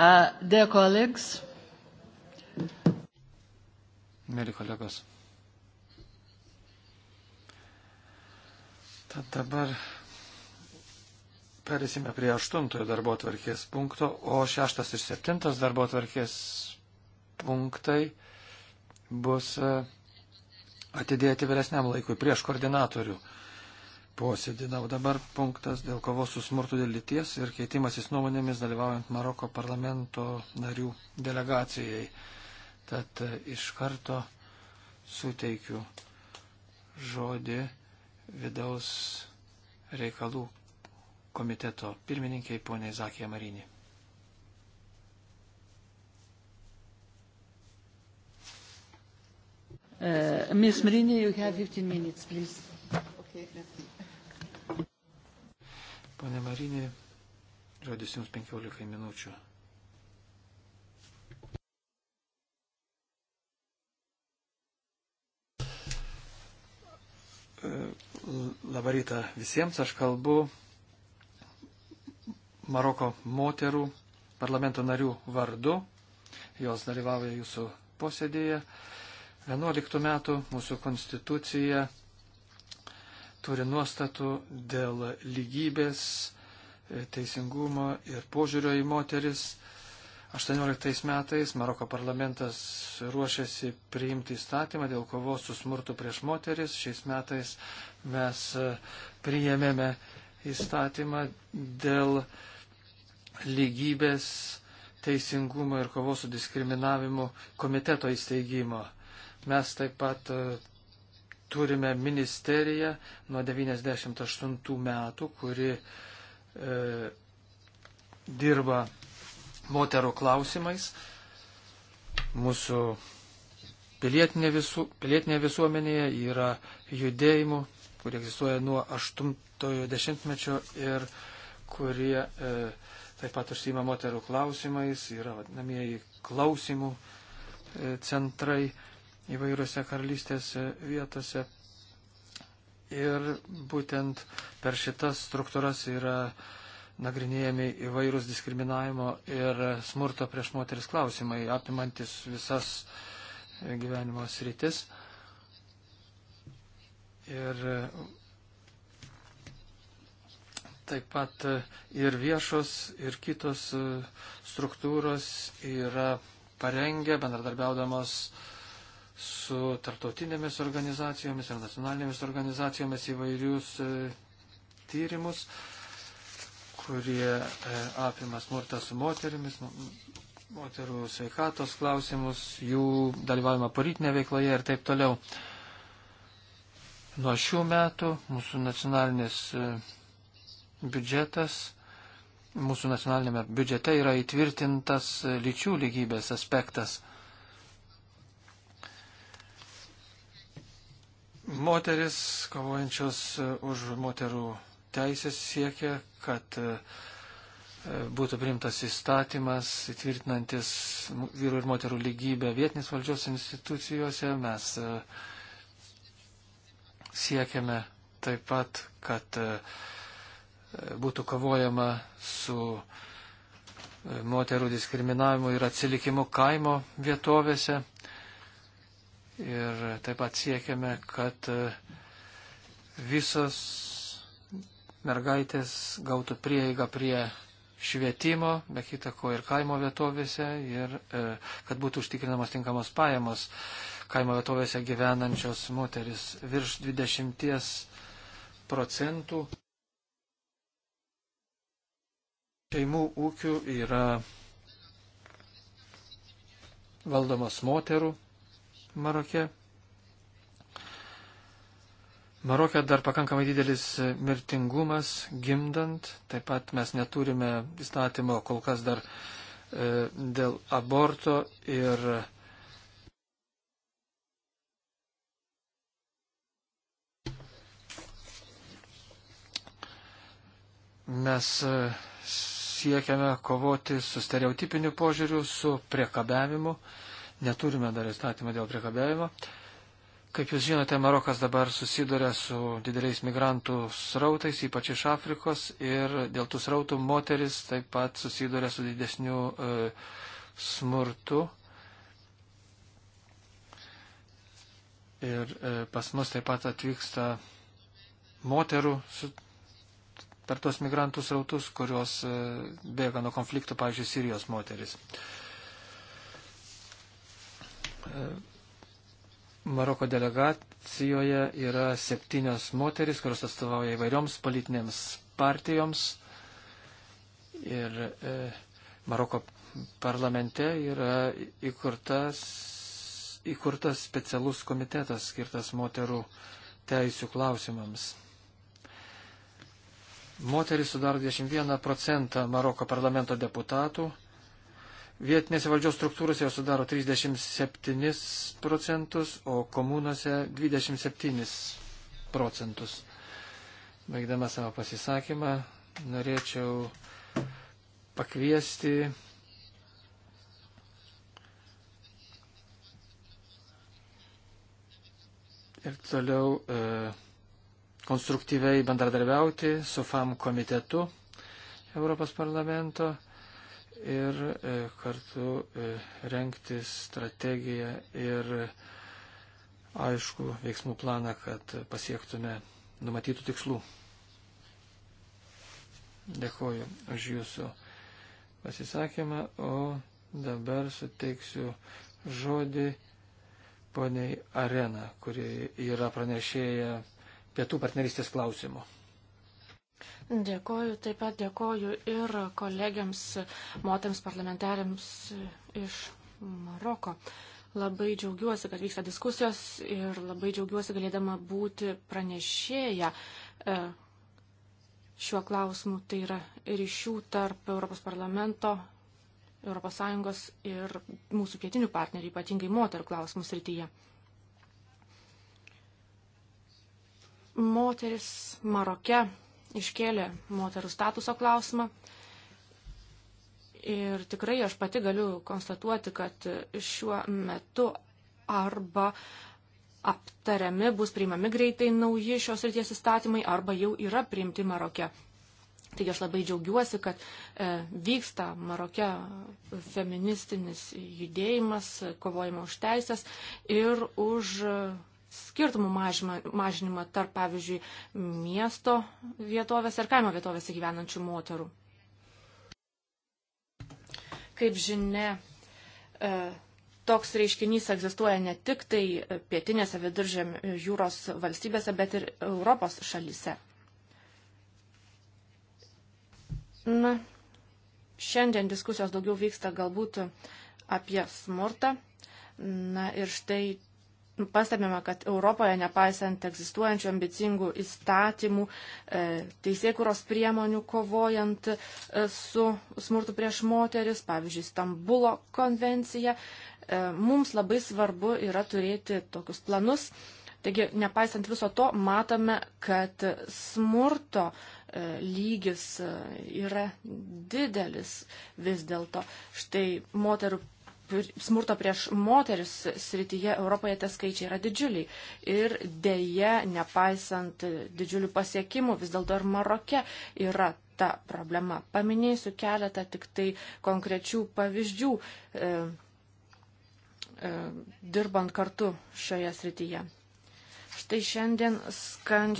Uh, dear colleagues. Mėly kolegos. Tad dabar perėsime prie aštuntojo darbo tvarkės punkto, o šeštas ir septintas darbo tvarkės punktai bus uh, atidėti vėlesniam laikui prieš koordinatorių uh, posėdį. Na, o dabar punktas dėl kovos su smurtu dėl lyties ir keitimasis nuomonėmis dalyvaujant Maroko parlamento narių delegacijai. Tad e, iš karto suteikiu žodį vidaus reikalų komiteto pirmininkiai poniai Zakė Marinė. Uh, Ms. Marini, you have 15 minutes, please. Okay, merci. Pone Marinė, žodis jums 15 minučių. Labą rytą visiems, aš kalbu Maroko moterų parlamento narių vardu. Jos dalyvauja jūsų posėdėje. 11 metų mūsų konstitucija turi nuostatų dėl lygybės, e, teisingumo ir požiūrio į moteris. 18 metais Maroko parlamentas ruošiasi priimti įstatymą dėl kovos su smurtu prieš moteris. Šiais metais mes e, priėmėme įstatymą dėl lygybės, teisingumo ir kovos su diskriminavimu komiteto įsteigimo. Mes taip pat e, turime ministeriją nuo 98 metų, kuri e, dirba moterų klausimais. Mūsų pilietinė, visu, pilietinė visuomenėje yra judėjimų, kurie egzistuoja nuo 80-ojo dešimtmečio ir kurie e, taip pat užsima moterų klausimais, yra vadinamieji klausimų e, centrai. E, įvairiose karalystės vietose. Ir būtent per šitas struktūras yra nagrinėjami įvairūs diskriminavimo ir smurto prieš moteris klausimai, apimantis visas gyvenimo sritis. Ir taip pat ir viešos, ir kitos struktūros yra parengę, bendradarbiaudamos uh, su tartautinėmis organizacijomis ir nacionalinėmis organizacijomis įvairius e, tyrimus, kurie e, apima smurtą su moterimis, moterų sveikatos klausimus, jų dalyvavimą politinėje veikloje ir taip toliau. Nuo šių metų mūsų nacionalinis e, biudžetas, mūsų nacionalinėme biudžete yra įtvirtintas lyčių lygybės aspektas. Moteris, kovojančios e, už moterų teisės, siekia, kad e, e, būtų primtas įstatymas įtvirtinantis vyrų ir moterų lygybę vietinės valdžios institucijose. Mes siekiame taip pat, kad būtų kovojama su moterų diskriminavimu ir atsilikimu kaimo vietovėse. Ir taip pat siekiame, kad e, visos mergaitės gautų prieigą prie švietimo, be kitako ir kaimo vietovėse, ir e, kad būtų užtikrinamos tinkamos pajamos kaimo vietovėse gyvenančios moteris virš 20 procentų. Šeimų ūkių yra valdomas moterų, Marokė. Marokė dar pakankamai didelis mirtingumas gimdant, taip pat mes neturime įstatymo kol kas dar e, dėl aborto ir mes e, siekiame kovoti su stereotipiniu požiūriu, su priekabiavimu. E, neturime dar įstatymą dėl priekabiavimo. Kaip jūs žinote, Marokas dabar susiduria su dideliais migrantų srautais, ypač iš Afrikos, ir dėl tų srautų moteris taip pat susiduria su didesniu e, smurtu. Ir e, pas mus taip pat atvyksta moterų su, per tuos migrantų srautus, kurios e, bėga nuo konfliktų, pavyzdžiui, Sirijos moteris. E, E, Maroko delegacijoje yra septynios moteris, kurios atstovauja įvairioms politinėms partijoms. Ir e, Maroko parlamente yra įkurtas, įkurtas specialus komitetas skirtas moterų teisų klausimams. Moteris sudaro 21 procentą Maroko parlamento deputatų Vietinėse valdžios struktūrose jos sudaro 37 procentus, o komunose 27 procentus. Baigdama savo pasisakymą, norėčiau pakviesti ir toliau e, konstruktyviai bendradarbiauti su FAM komitetu Europos parlamento ir e, kartu e, renkti strategiją ir e, aišku veiksmų planą, kad pasiektume numatytų tikslų. Dėkoju už jūsų pasisakymą, o dabar suteiksiu žodį poniai Arena, kuri yra pranešėja pietų partnerystės klausimų. Dėkoju, taip pat dėkoju ir kolegiams, motėms parlamentarėms iš Maroko. Labai džiaugiuosi, kad vyksta diskusijos ir labai džiaugiuosi galėdama būti pranešėja e, šiuo klausimu. Tai yra ryšių tarp Europos parlamento, ES ir mūsų pietinių partnerių, ypatingai moterų klausimų srityje. Moteris Maroke iškėlė moterų statuso klausimą. Ir tikrai aš pati galiu konstatuoti, kad šiuo metu arba aptariami bus priimami greitai nauji šios ryties įstatymai, arba jau yra priimti Maroke. Taigi aš labai džiaugiuosi, kad e, vyksta Maroke feministinis judėjimas, kovojimo už teisės ir už skirtumų mažinimą tarp, pavyzdžiui, miesto vietovės ir kaimo vietovėse gyvenančių moterų. Kaip žinia, e, toks reiškinys egzistuoja ne tik tai pietinėse viduržėm jūros valstybėse, bet ir Europos šalyse. Na, šiandien diskusijos daugiau vyksta galbūt apie smurtą. Na ir štai Pastebime, kad Europoje, nepaisant egzistuojančių ambicingų įstatymų, e, teisėkuros priemonių kovojant e, su smurtu prieš moteris, pavyzdžiui, Stambulo konvencija, e, mums labai svarbu yra turėti tokius planus. Taigi, nepaisant viso to, matome, kad smurto lygis yra didelis vis dėlto. Štai moterų smurto prieš moteris srityje Europoje tie skaičiai yra didžiuliai. Ir dėje, nepaisant didžiulių pasiekimų, vis dėlto ir Maroke yra ta problema. Paminėsiu keletą tik tai konkrečių pavyzdžių e, e, dirbant kartu šioje srityje. Štai šiandien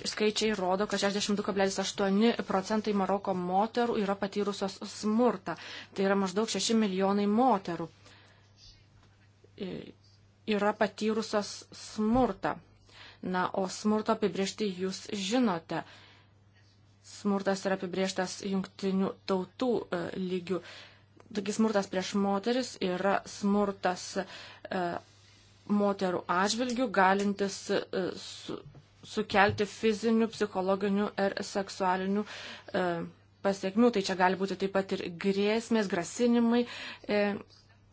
skaičiai rodo, kad 62,8 procentai Maroko moterų yra patyrusios smurtą. Tai yra maždaug 6 milijonai moterų. E, yra patyrusios smurtą. Na, o smurto apibriežti jūs žinote. Smurtas yra apibriežtas jungtinių tautų e, lygių. Taigi smurtas prieš moteris yra smurtas e, moterų atžvilgių, galintis e, su, sukelti fizinių, psichologinių ir seksualinių e, pasiekmių. Tai čia gali būti taip pat ir grėsmės, grasinimai. E,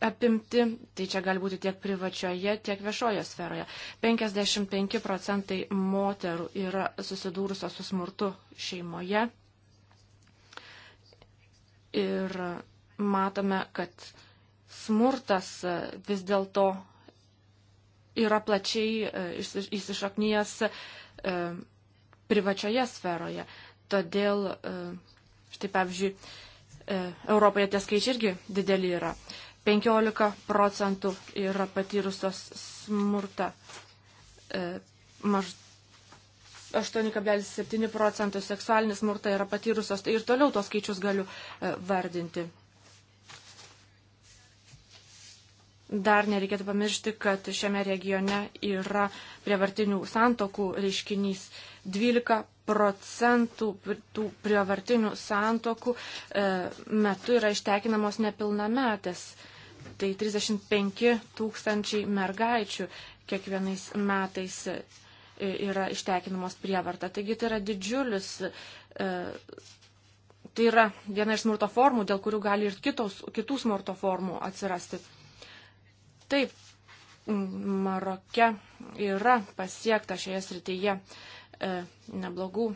apimti, tai čia gali būti tiek privačioje, tiek viešoje sferoje. 55 procentai moterų yra susidūrusios su smurtu šeimoje. Ir matome, kad smurtas e, vis dėlto yra plačiai e, įsišaknyjas e, privačioje sferoje. Todėl, štai pavyzdžiui, Europoje tie skaičiai irgi dideli yra. 15 procentų yra patyrusios smurtą, e, maž 8,7 procentų seksualinį smurtą yra patyrusios. Tai ir toliau tos skaičius galiu e, vardinti. Dar nereikėtų pamiršti, kad šiame regione yra prievartinių santokų reiškinys. 12 procentų tų prievartinių santokų e, metu yra ištekinamos nepilnametės. E, tai 35 tūkstančiai mergaičių kiekvienais metais e, yra ištekinamos prievarta. Taigi tai yra didžiulis, e, tai yra viena iš smurto formų, dėl kurių gali ir kitos, kitų smurto formų atsirasti. Taip, Maroke yra pasiekta šioje srityje e, neblogų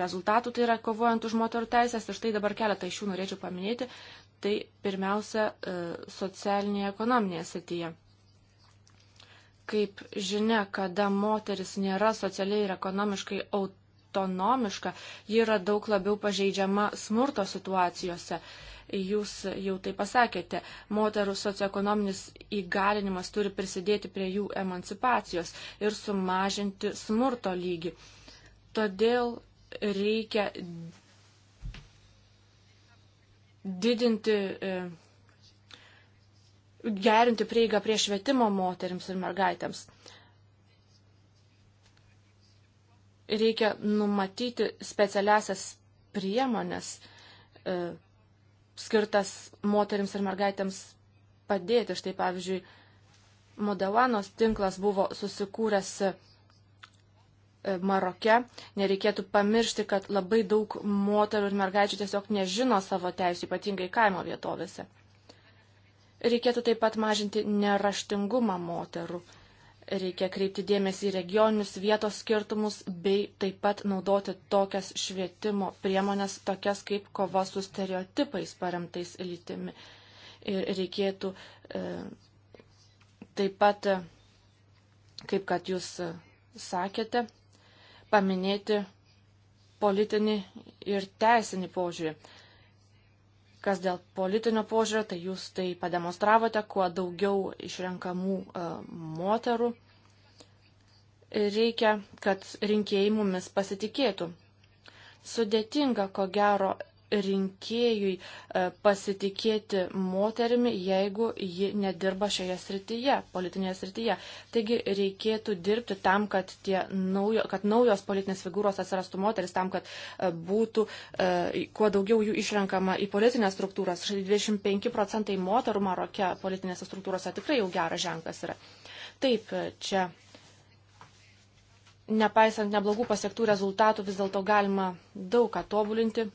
rezultatų, tai yra kovojant už moterų teisės ir štai dabar keletą iš jų norėčiau paminėti tai pirmiausia e, socialinėje ekonominėje srityje. Kaip žinia, kada moteris nėra socialiai ir ekonomiškai autonomiška, ji yra daug labiau pažeidžiama smurto situacijose. Jūs jau tai pasakėte, moterų socioekonominis įgalinimas turi prisidėti prie jų emancipacijos ir sumažinti smurto lygį. Todėl reikia didinti, e, gerinti prieigą prie švietimo moteriams ir mergaitėms. Reikia numatyti specialiasias priemonės e, skirtas moteriams ir mergaitėms padėti. Štai pavyzdžiui, Modevanos tinklas buvo susikūręs E, Maroke, nereikėtų pamiršti, kad labai daug moterų ir mergaičių tiesiog nežino savo teisų, ypatingai kaimo vietovėse. Reikėtų taip pat mažinti neraštingumą moterų. Reikia kreipti dėmesį į regioninius vietos skirtumus bei taip pat naudoti tokias švietimo priemonės, tokias kaip kova su stereotipais paremtais lytimi. Ir reikėtų e, taip pat, e, kaip kad jūs e, sakėte, paminėti politinį ir teisinį požiūrį. Kas dėl politinio požiūrio, tai jūs tai pademonstravote, kuo daugiau išrenkamų e, moterų reikia, kad rinkėjai mumis pasitikėtų. Sudėtinga, ko gero, rinkėjui e, pasitikėti moterimi, jeigu ji nedirba šioje srityje, politinėje srityje. Taigi reikėtų dirbti tam, kad, naujo, kad naujos politinės figūros atsirastų moteris, tam, kad e, būtų e, kuo daugiau jų išrenkama į politinės struktūras. 25 procentai moterų Maroke politinėse struktūrose tikrai jau geras ženklas yra. Taip, čia nepaisant neblogų pasiektų rezultatų, vis dėlto galima daug ką tobulinti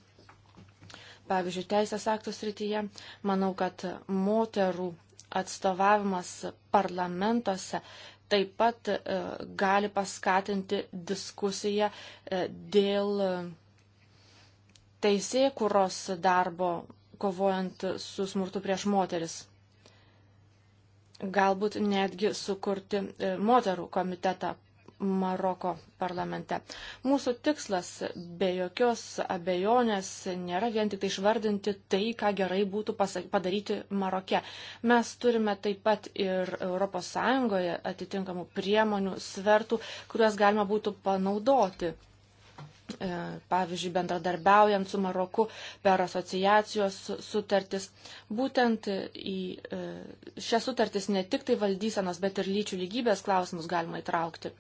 pavyzdžiui, teisės aktų srityje. Manau, kad moterų atstovavimas parlamentuose taip pat e, gali paskatinti diskusiją e, dėl teisėkuros darbo kovojant su smurtu prieš moteris. Galbūt netgi sukurti e, moterų komitetą Maroko parlamente. Mūsų tikslas be jokios abejonės nėra vien tik tai išvardinti tai, ką gerai būtų padaryti Maroke. Mes turime taip pat ir ES atitinkamų priemonių, svertų, kuriuos galima būtų panaudoti. E, pavyzdžiui, bendradarbiaujant su Maroku per asociacijos sutartis. Būtent į e, šias sutartis ne tik tai valdysenos, bet ir lyčių lygybės klausimus galima įtraukti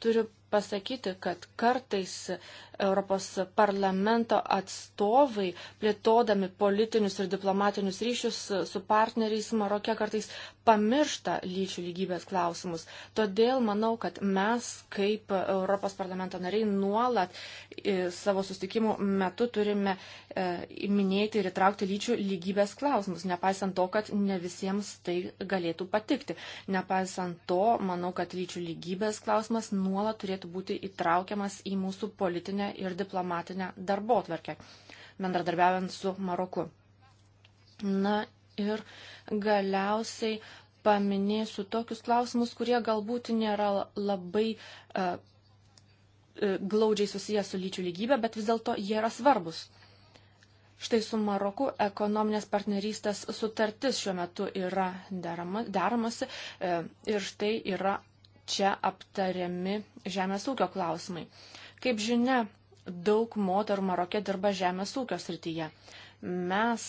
turiu pasakyti, kad kartais Europos parlamento atstovai, plėtodami politinius ir diplomatinius ryšius su partneriais Marokė, kartais pamiršta lyčių lygybės klausimus. Todėl manau, kad mes, kaip Europos parlamento nariai, nuolat e, savo sustikimų metu turime e, minėti ir įtraukti lyčių lygybės klausimus, nepaisant to, kad ne visiems tai galėtų patikti. Nepaisant to, manau, kad lyčių lygybės klausimas nuolat turėtų turėtų būti įtraukiamas į mūsų politinę ir diplomatinę darbo tvarkę, bendradarbiaujant su Maroku. Na ir galiausiai paminėsiu tokius klausimus, kurie galbūt nėra labai uh, glaudžiai susiję su lyčių lygybė, bet vis dėlto jie yra svarbus. Štai su Maroku ekonominės partnerystės sutartis šiuo metu yra deramasi e, ir štai yra čia aptariami žemės ūkio klausimai. Kaip žinia, daug moterų Marokė dirba žemės ūkio srityje. Mes,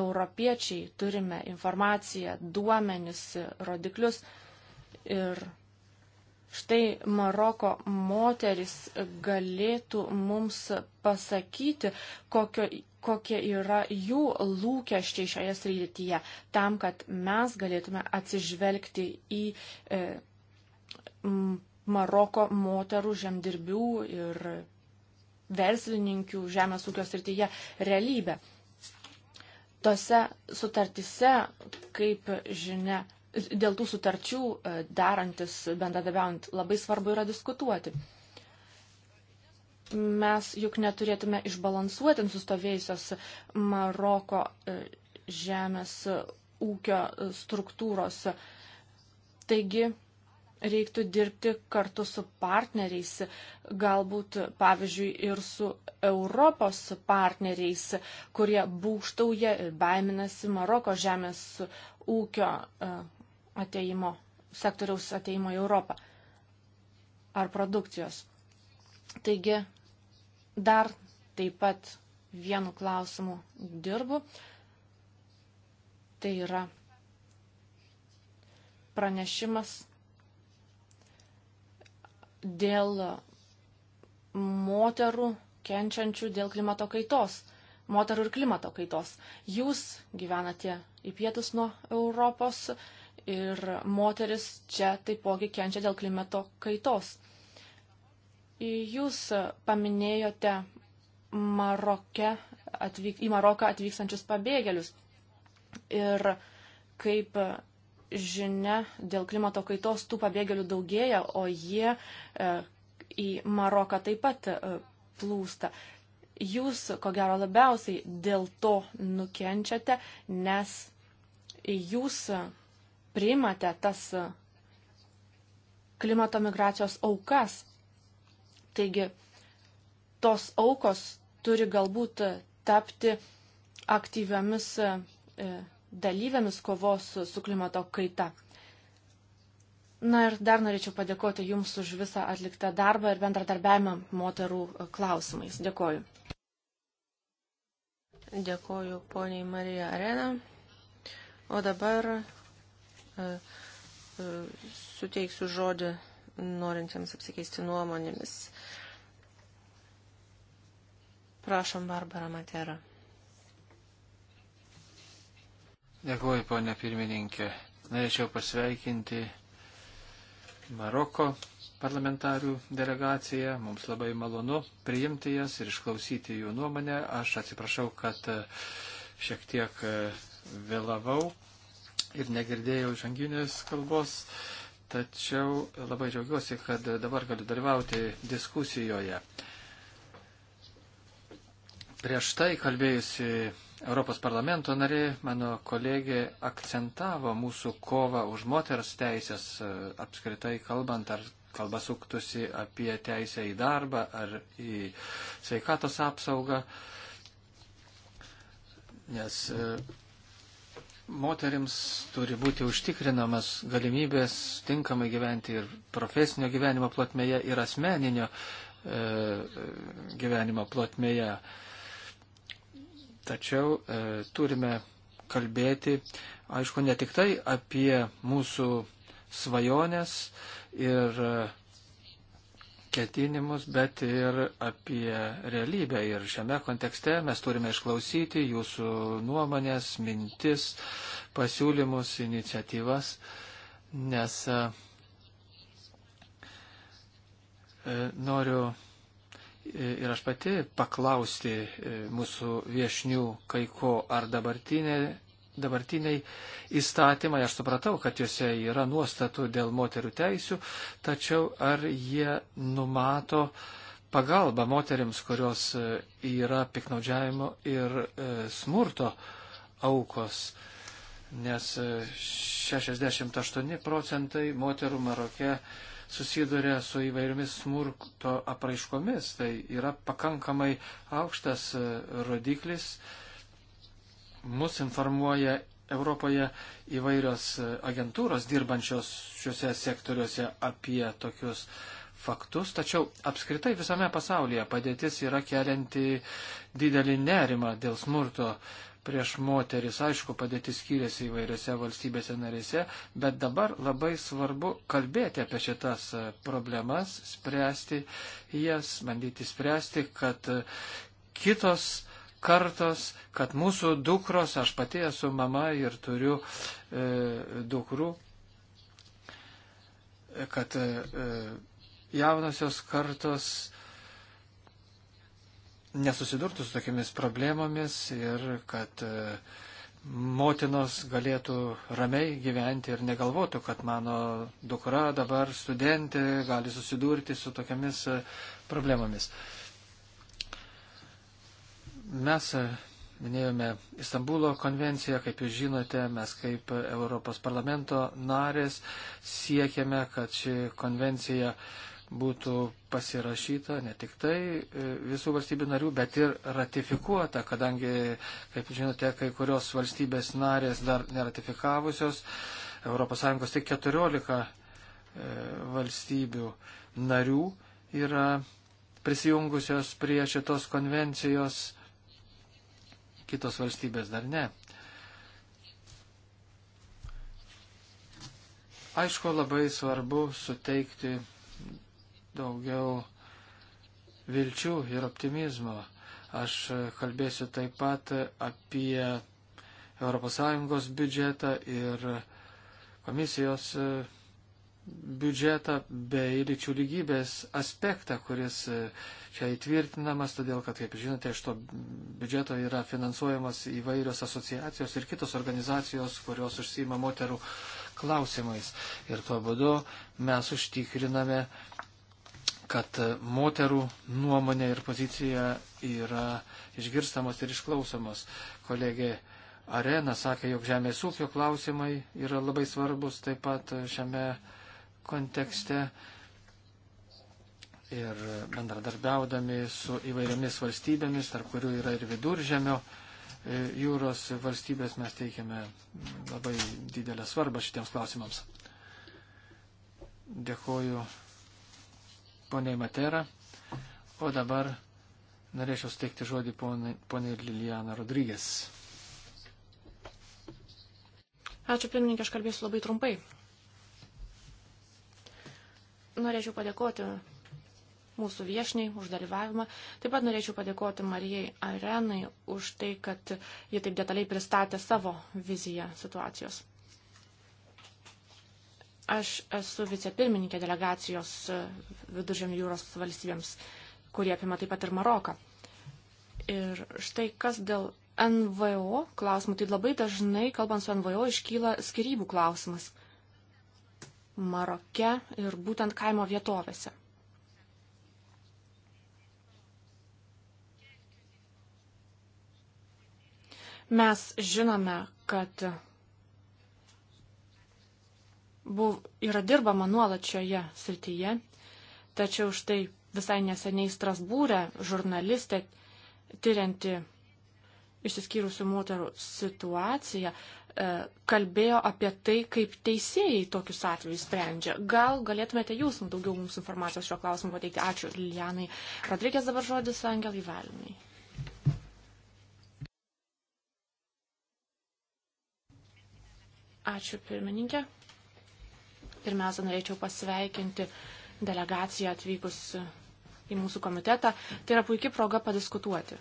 europiečiai, turime informaciją, duomenis, rodiklius ir štai Maroko moteris galėtų mums pasakyti, kokio, kokie yra jų lūkesčiai šioje srityje, tam, kad mes galėtume atsižvelgti į e, Maroko moterų žemdirbių ir verslininkių žemės ūkio srityje realybę. Tose sutartise, kaip žinia, dėl tų sutarčių e, darantis, bendradabiaujant, labai svarbu yra diskutuoti. Mes juk neturėtume išbalansuoti nusistovėjusios Maroko e, žemės ūkio struktūros. Taigi, reiktų dirbti kartu su partneriais, galbūt pavyzdžiui ir su Europos partneriais, kurie būštauja ir baiminasi Maroko žemės ūkio e, ateimo, sektoriaus ateimo į Europą ar produkcijos. Taigi dar taip pat vienu klausimu dirbu. Tai yra pranešimas dėl moterų kenčiančių dėl klimato kaitos, moterų ir klimato kaitos. Jūs gyvenate į pietus nuo Europos ir moteris čia taipogi kenčia dėl klimato kaitos. Jūs paminėjote Maroke atvyk, į Maroką atvykstančius pabėgėlius ir kaip žinia, dėl klimato kaitos tų pabėgėlių daugėja, o jie e, į Maroką taip pat e, plūsta. Jūs, ko gero, labiausiai dėl to nukenčiate, nes jūs priimate tas e, klimato migracijos aukas. Taigi, tos aukos turi galbūt tapti aktyviamis dalyvėmis kovos su klimato kaita. Na ir dar norėčiau padėkoti Jums už visą atliktą darbą ir bendradarbiavimą moterų klausimais. Dėkoju. Dėkoju poniai Marija Arena. O dabar e, e, suteiksiu žodį norintiems apsikeisti nuomonėmis. Prašom, Barbara Matera. Dėkuoju, ponė pirmininkė. Norėčiau pasveikinti Maroko parlamentarių delegaciją. Mums labai malonu priimti jas ir išklausyti jų nuomonę. Aš atsiprašau, kad e, šiek tiek e, vėlavau ir negirdėjau žanginės kalbos, tačiau labai džiaugiuosi, kad dabar galiu dalyvauti diskusijoje. Prieš tai kalbėjusi Europos parlamento narė, mano kolegė, akcentavo mūsų kovą už moters teisės, e, apskritai kalbant, ar kalba suktusi apie teisę į darbą ar į sveikatos apsaugą, nes e, moterims turi būti užtikrinamas galimybės tinkamai gyventi ir profesinio gyvenimo plotmėje, ir asmeninio e, gyvenimo plotmėje. Tačiau e, turime kalbėti, aišku, ne tik tai apie mūsų svajonės ir e, ketinimus, bet ir apie realybę. Ir šiame kontekste mes turime išklausyti jūsų nuomonės, mintis, pasiūlymus, iniciatyvas, nes e, e, noriu ir aš pati paklausti e, mūsų viešnių kai ko, ar dabartinė, dabartiniai įstatymai, aš supratau, kad juose yra nuostatų dėl moterų teisių, tačiau ar jie numato pagalbą moteriams, kurios e, yra piknaudžiavimo ir e, smurto aukos. Nes 68 procentai moterų Maroke susiduria su įvairiomis smurto apraiškomis. Tai yra pakankamai aukštas e, rodiklis. Mus informuoja Europoje įvairios e, agentūros dirbančios šiuose sektoriuose apie tokius faktus, tačiau apskritai visame pasaulyje padėtis yra kelianti didelį nerimą dėl smurto prieš moteris. Aišku, padėtis skiriasi įvairiose valstybėse narėse, bet dabar labai svarbu kalbėti apie šitas e, problemas, spręsti jas, bandyti spręsti, kad e, kitos kartos, kad mūsų dukros, aš pati esu mama ir turiu e, dukrų, e, kad e, jaunosios kartos nesusidurtų su tokiamis problemomis ir kad e, motinos galėtų ramiai gyventi ir negalvotų, kad mano dukra dabar studentė gali susidurti su tokiamis e, problemomis. Mes e, minėjome Istanbulo konvenciją, kaip jūs žinote, mes kaip Europos parlamento narės siekiame, kad ši konvencija uh, būtų pasirašyta ne tik tai e, visų valstybių narių, bet ir ratifikuota, kadangi, kaip žinote, kai kurios valstybės narės dar neratifikavusios, ES tik 14 e, valstybių narių yra prisijungusios prie šitos konvencijos, kitos valstybės dar ne. Aišku, labai svarbu suteikti daugiau vilčių ir optimizmo. Aš kalbėsiu taip pat apie ES biudžetą ir komisijos biudžetą bei lyčių lygybės aspektą, kuris čia įtvirtinamas, todėl kad, kaip žinote, iš to biudžeto yra finansuojamas įvairios asociacijos ir kitos organizacijos, kurios užsima moterų klausimais. Ir tuo būdu mes užtikriname uh, kad moterų nuomonė ir pozicija yra išgirstamos ir išklausomos. Kolegė Arena sakė, jog žemės ūkio klausimai yra labai svarbus taip pat šiame kontekste. Ir bendradarbiaudami su įvairiomis valstybėmis, tarp kurių yra ir viduržemio e, jūros valstybės, mes teikiame labai didelę svarbą šitiems klausimams. Dėkoju poniai Matera, o dabar norėčiau steikti žodį poniai Lilijana Rodrygės. Ačiū, pirmininkė, aš kalbėsiu labai trumpai. Norėčiau padėkoti mūsų viešniai už dalyvavimą. Taip pat norėčiau padėkoti Marijai Arenai už tai, kad ji taip detaliai pristatė savo viziją situacijos. Aš esu vicepirmininkė delegacijos Viduržėmio jūros valstybėms, kurie apima taip pat ir Maroką. Ir štai kas dėl NVO klausimų, tai labai dažnai, kalbant su NVO, iškyla skirybų klausimas Maroke ir būtent kaimo vietovėse. Mes žinome, kad buv, yra dirbama nuolat šioje srityje, tačiau štai visai neseniai Strasbūrė žurnalistė tyrianti išsiskyrusių moterų situaciją e, kalbėjo apie tai, kaip teisėjai tokius atvejus sprendžia. Gal galėtumėte jūs daugiau mums informacijos šio klausimu pateikti. Ačiū Lilianai. Rodrikės dabar žodis Angelai Valinai. Ačiū pirmininkė. Pirmiausia, norėčiau pasveikinti delegaciją atvykus į mūsų komitetą. Tai yra puikia proga padiskutuoti.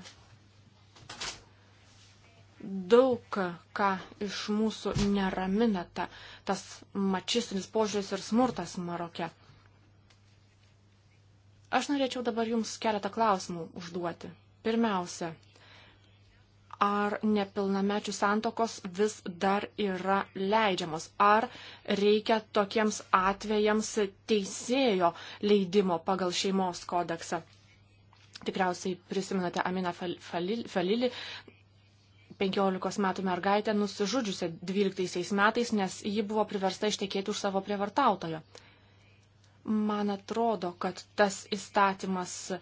Daug ką iš mūsų neramina ta, tas mačistinis požiūris ir smurtas Maroke. Aš norėčiau dabar Jums keletą klausimų užduoti. Pirmiausia, ar nepilnamečių santokos vis dar yra leidžiamos, ar reikia tokiems atvejams teisėjo leidimo pagal šeimos kodeksą. Tikriausiai prisimenate Aminą Falilį, 15 metų mergaitę nusižudžiusią 12 metais, nes ji buvo priversta ištekėti už savo prievartautojo. Man atrodo, kad tas įstatymas e,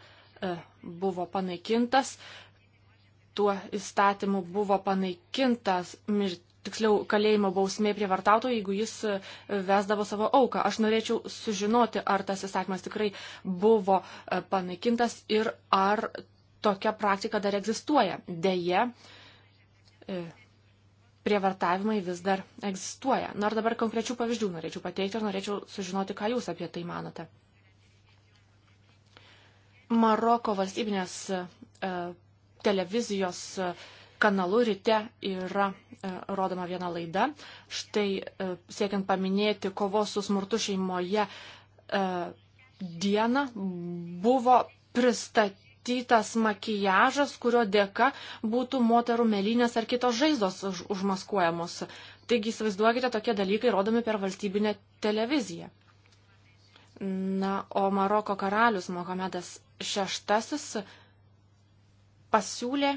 buvo panaikintas, tuo įstatymu buvo panaikintas mirtis tiksliau kalėjimo bausmė prievartautojui, jeigu jis e, vesdavo savo auką. Aš norėčiau sužinoti, ar tas įsakymas tikrai buvo e, panaikintas ir ar tokia praktika dar egzistuoja. Deja, e, prievartavimai vis dar egzistuoja. Nors dabar konkrečių pavyzdžių norėčiau pateikti ir norėčiau sužinoti, ką jūs apie tai manote. Maroko valstybinės televizijos e, kanalu ryte yra e, rodoma viena laida. Štai e, siekiant paminėti kovos su smurtu šeimoje dieną buvo pristatytas makijažas, kurio dėka būtų moterų melinės ar kitos žaizdos užmaskuojamos. Taigi įsivaizduokite, tokie dalykai rodomi per valstybinę televiziją. Na, o Maroko karalius Mohamedas VI pasiūlė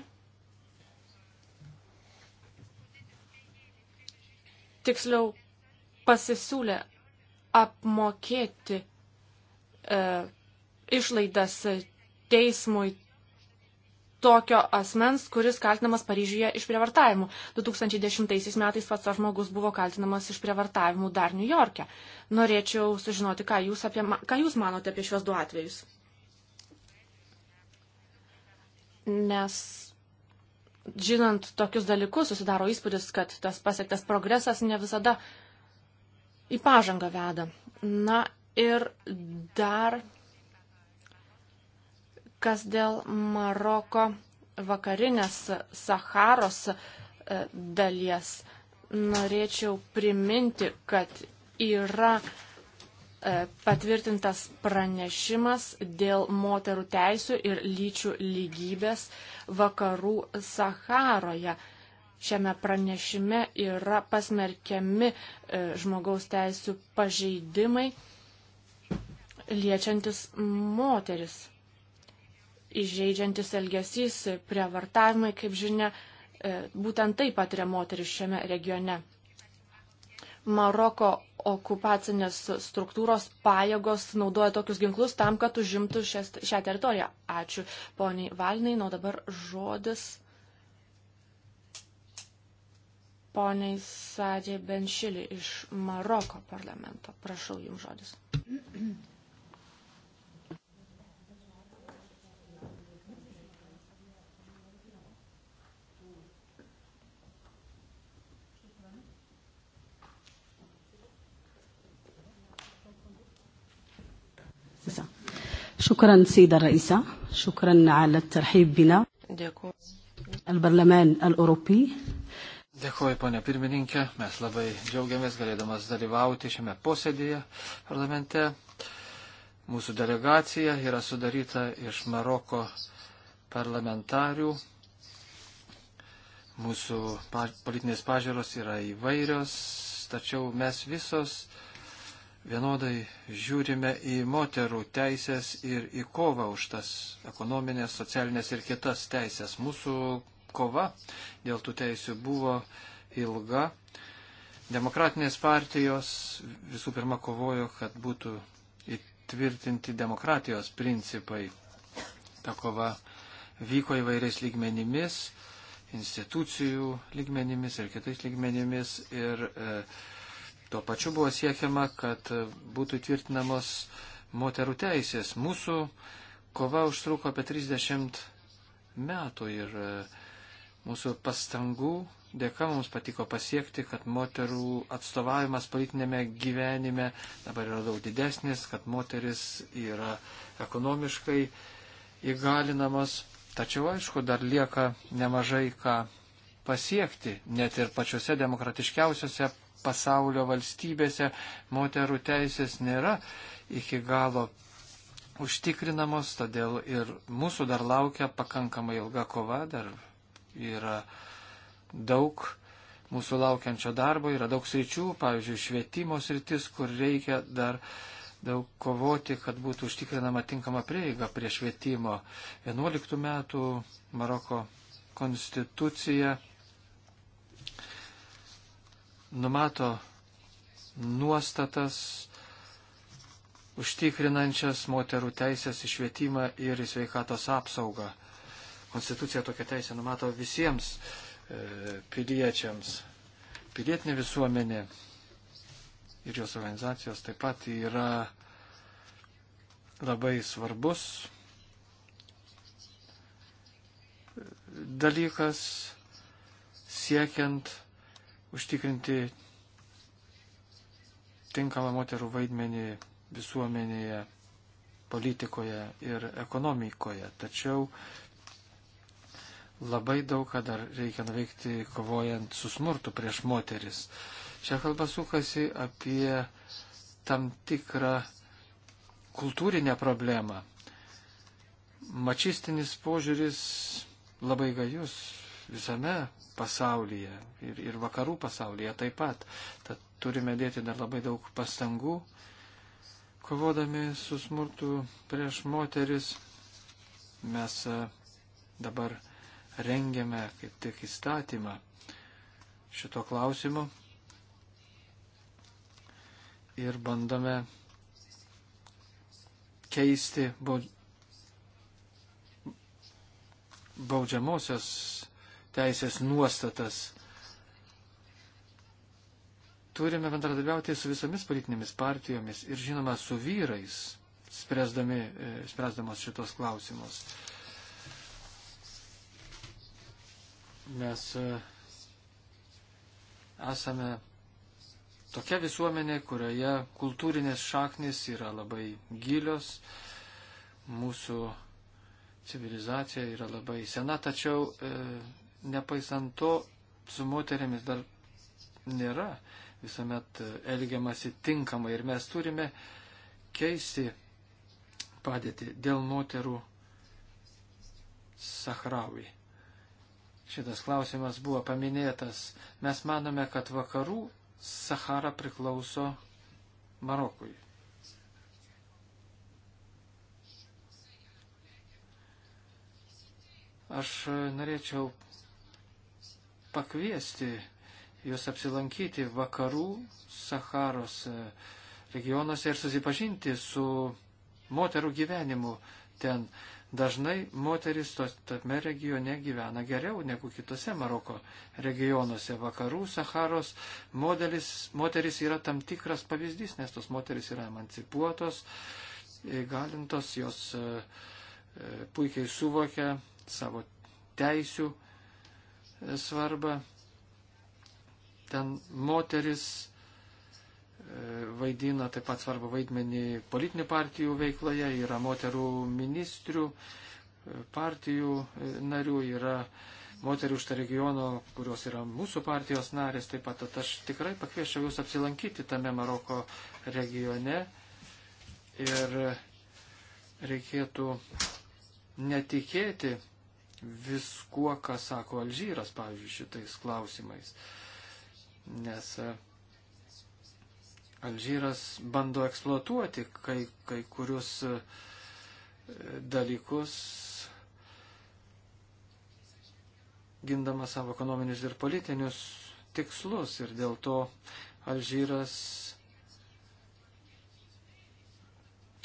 tiksliau pasisiūlė apmokėti e, išlaidas teismui tokio asmens, kuris kaltinamas Paryžiuje išprievartavimu. 2010 metais pats tas žmogus buvo kaltinamas išprievartavimu dar New York'e. Norėčiau sužinoti, ką jūs, apie, ką jūs manote apie šios du atvejus. nes žinant tokius dalykus susidaro įspūdis, kad tas pasiektas progresas ne visada į pažangą veda. Na ir dar kas dėl Maroko vakarinės Saharos e, dalies. Norėčiau priminti, kad yra E, patvirtintas pranešimas dėl moterų teisų ir lyčių lygybės vakarų Saharoje. Šiame pranešime yra pasmerkiami e, žmogaus teisų pažeidimai liečiantis moteris. Įžeidžiantis elgesys, prievartavimai, kaip žinia, e, būtent taip patiria moteris šiame regione. Maroko okupacinės struktūros pajėgos naudoja tokius ginklus tam, kad užimtų šias, šią teritoriją. Ačiū, poniai Valinai. Na, dabar žodis poniai Sadė Benšili iš Maroko parlamento. Prašau jums žodis. [COUGHS] شكرا سيدة الرئيسة شكرا على الترحيب بنا البرلمان الأوروبي Dėkuoju, ponė pirmininkė, mes labai džiaugiamės galėdamas dalyvauti šiame posėdėje parlamente. Mūsų delegacija yra sudaryta iš Maroko parlamentarių. Mūsų politinės pažiūros yra įvairios, tačiau mes visos uh, vienodai žiūrime į moterų teisės ir į kovą už tas ekonominės, socialinės ir kitas teisės. Mūsų kova dėl tų teisių buvo ilga. Demokratinės partijos visų pirma kovojo, kad būtų įtvirtinti demokratijos principai. Ta kova vyko įvairiais lygmenimis, institucijų lygmenimis ir kitais lygmenimis. Ir, e, Tuo pačiu buvo siekiama, kad būtų tvirtinamos moterų teisės. Mūsų kova užtruko apie 30 metų ir e, mūsų pastangų dėka mums patiko pasiekti, kad moterų atstovavimas politinėme gyvenime dabar yra daug didesnis, kad moteris yra ekonomiškai įgalinamas. Tačiau, aišku, dar lieka nemažai ką pasiekti, net ir pačiuose demokratiškiausiuose pasaulio valstybėse moterų teisės nėra iki galo užtikrinamos, todėl ir mūsų dar laukia pakankamai ilga kova, dar yra daug mūsų laukiančio darbo, yra daug sričių, pavyzdžiui, švietimo sritis, kur reikia dar daug kovoti, kad būtų užtikrinama tinkama prieiga prie švietimo. 11 metų Maroko konstitucija numato nuostatas užtikrinančias moterų teisės išvietimą ir sveikatos apsaugą. Konstitucija tokia teisė numato visiems e, piliečiams. Pilietinė visuomenė ir jos organizacijos taip pat yra labai svarbus dalykas siekiant užtikrinti tinkamą moterų vaidmenį visuomenėje, politikoje ir ekonomikoje. Tačiau labai daug ką dar reikia nuveikti kovojant su smurtu prieš moteris. Čia kalba sukasi apie tam tikrą kultūrinę problemą. Mačistinis požiūris labai gajus visame pasaulyje ir, ir vakarų pasaulyje taip pat. Tad turime dėti dar labai daug pastangų, kovodami su smurtu prieš moteris. Mes e, dabar rengiame kaip tik įstatymą šito klausimu ir bandome keisti baudžiamosios teisės nuostatas. Turime bendradarbiauti su visomis politinėmis partijomis ir, žinoma, su vyrais, spręsdami, e, spręsdamos šitos klausimus. Mes e, esame tokia visuomenė, kurioje kultūrinės šaknis yra labai gilios, mūsų civilizacija yra labai sena, tačiau e, nepaisant to, su moteriamis dar nėra visuomet elgiamasi tinkamai ir mes turime keisti padėtį dėl moterų Sahraui. Šitas klausimas buvo paminėtas. Mes manome, kad vakarų Sahara priklauso Marokui. Aš norėčiau pakviesti jūs apsilankyti vakarų Saharos e, regionuose ir susipažinti su moterų gyvenimu ten. Dažnai moteris tos, tame regione gyvena geriau negu kitose Maroko regionuose. Vakarų Saharos modelis, moteris yra tam tikras pavyzdys, nes tos moteris yra emancipuotos, įgalintos, jos e, e, puikiai suvokia savo teisių svarbą. Ten moteris e, vaidina taip pat svarbu vaidmenį politinių partijų veikloje, yra moterų ministrių, e, partijų e, narių, yra moterų iš tą regiono, kurios yra mūsų partijos narės taip pat. Tad aš tikrai pakviečiau jūs apsilankyti tame Maroko regione ir reikėtų netikėti viskuo, ką sako Alžyras, pavyzdžiui, šitais klausimais. Nes e, Alžyras bando eksploatuoti kai, kai kurius e, dalykus, gindamas savo ekonominius ir politinius tikslus. Ir dėl to Alžyras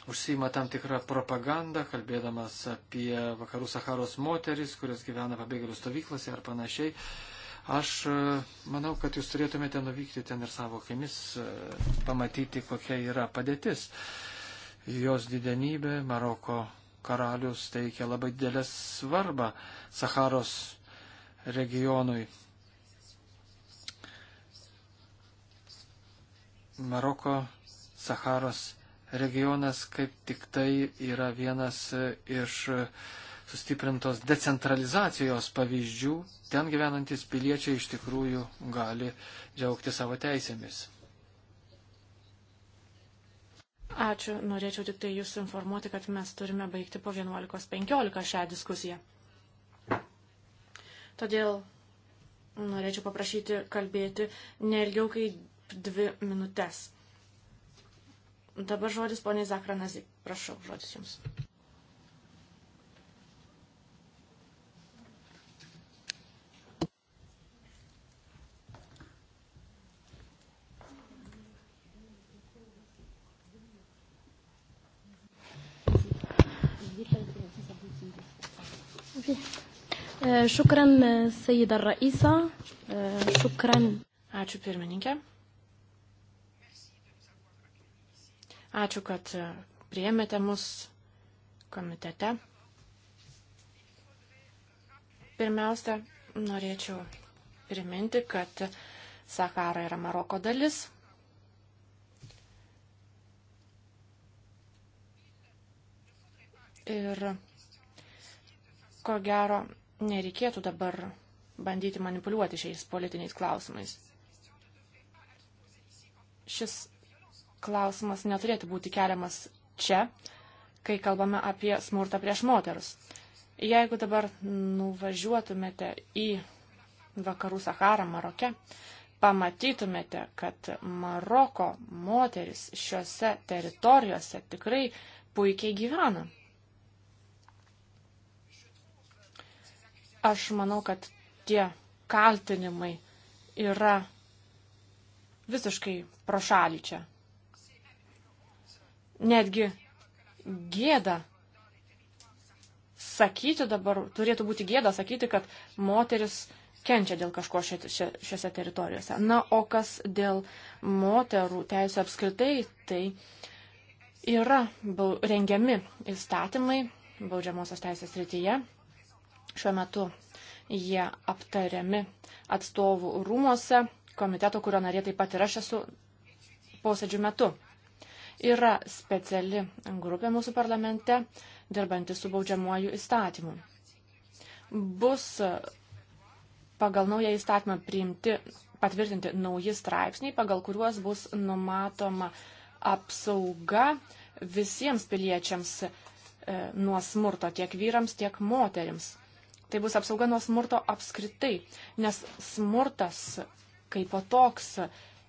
užsima tam tikrą propagandą, kalbėdamas apie vakarų Saharos moteris, kurios gyvena pabėgėlių stovyklose ar panašiai. Aš e, manau, kad jūs turėtumėte nuvykti ten ir savo akimis, e, pamatyti, kokia yra padėtis. Jos didenybė, Maroko karalius teikia labai didelę svarbą Saharos regionui. Maroko Saharos regionas kaip tik tai yra vienas e, iš e, sustiprintos decentralizacijos pavyzdžių. Ten gyvenantis piliečiai iš tikrųjų gali džiaugti savo teisėmis. Ačiū. Norėčiau tik tai jūs informuoti, kad mes turime baigti po 11.15 šią diskusiją. Todėl norėčiau paprašyti kalbėti nelgiau kaip dvi minutės. Dabar žodis poniai Zakranazi. Prašau, žodis jums. شكرا سيدة الرئيسة شكرا Ačiū pirmininkė. Ačiū, kad e, priėmėte mus komitete. Pirmiausia, norėčiau priminti, kad Sahara yra Maroko dalis. Ir ko gero, nereikėtų dabar bandyti manipuliuoti šiais politiniais klausimais. Šis klausimas neturėtų būti keliamas čia, kai kalbame apie smurtą prieš moterus. Jeigu dabar nuvažiuotumėte į vakarų Saharą Maroke, pamatytumėte, kad Maroko moteris šiuose teritorijose tikrai puikiai gyvena. Aš manau, kad tie kaltinimai yra visiškai prošalyčia netgi gėda sakyti dabar, turėtų būti gėda sakyti, kad moteris kenčia dėl kažko šiose teritorijose. Na, o kas dėl moterų teisų apskritai, tai yra rengiami įstatymai baudžiamosios teisės rytyje. Šiuo metu jie aptariami atstovų rūmose, komiteto, kurio narė taip pat ir aš esu posėdžių metu. Yra speciali grupė mūsų parlamente, dirbanti su baudžiamuoju įstatymu. Bus pagal naują įstatymą priimti, patvirtinti nauji straipsniai, pagal kuriuos bus numatoma apsauga visiems piliečiams e, nuo smurto, tiek vyrams, tiek moteriams. Tai bus apsauga nuo smurto apskritai, nes smurtas kaip o toks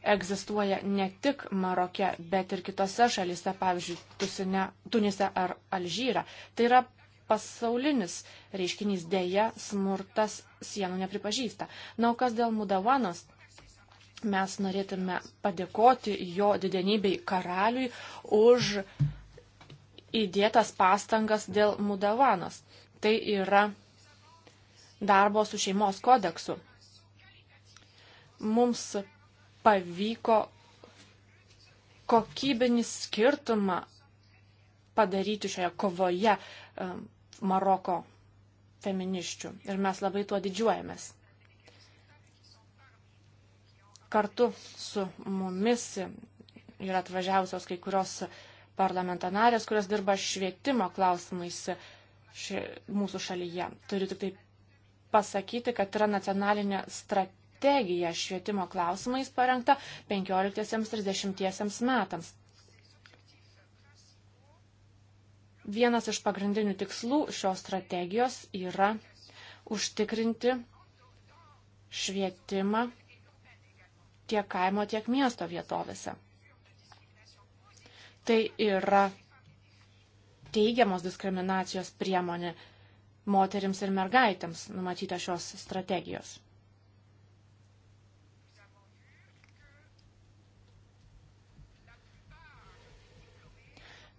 egzistuoja ne tik Maroke, bet ir kitose šalise, pavyzdžiui, Tusine, Tunise ar Alžyra. Tai yra pasaulinis reiškinys dėja, smurtas sienų nepripažįsta. Na, o kas dėl Mudavanos? Mes norėtume padėkoti jo didenybei karaliui už įdėtas pastangas dėl Mudavanos. Tai yra darbo su šeimos kodeksu. Mums pavyko kokybinį skirtumą padaryti šioje kovoje Maroko feminiščių. Ir mes labai tuo didžiuojamės. Kartu su mumis yra atvažiavusios kai kurios parlamentarės, kurios dirba švietimo klausimais ši, mūsų šalyje. Turiu tik tai pasakyti, kad yra nacionalinė strategija strategija švietimo klausimais parengta 15-30 metams. Vienas iš pagrindinių tikslų šios strategijos yra užtikrinti švietimą tiek kaimo, tiek miesto vietovėse. Tai yra teigiamos diskriminacijos priemonė moterims ir mergaitėms numatyta šios strategijos.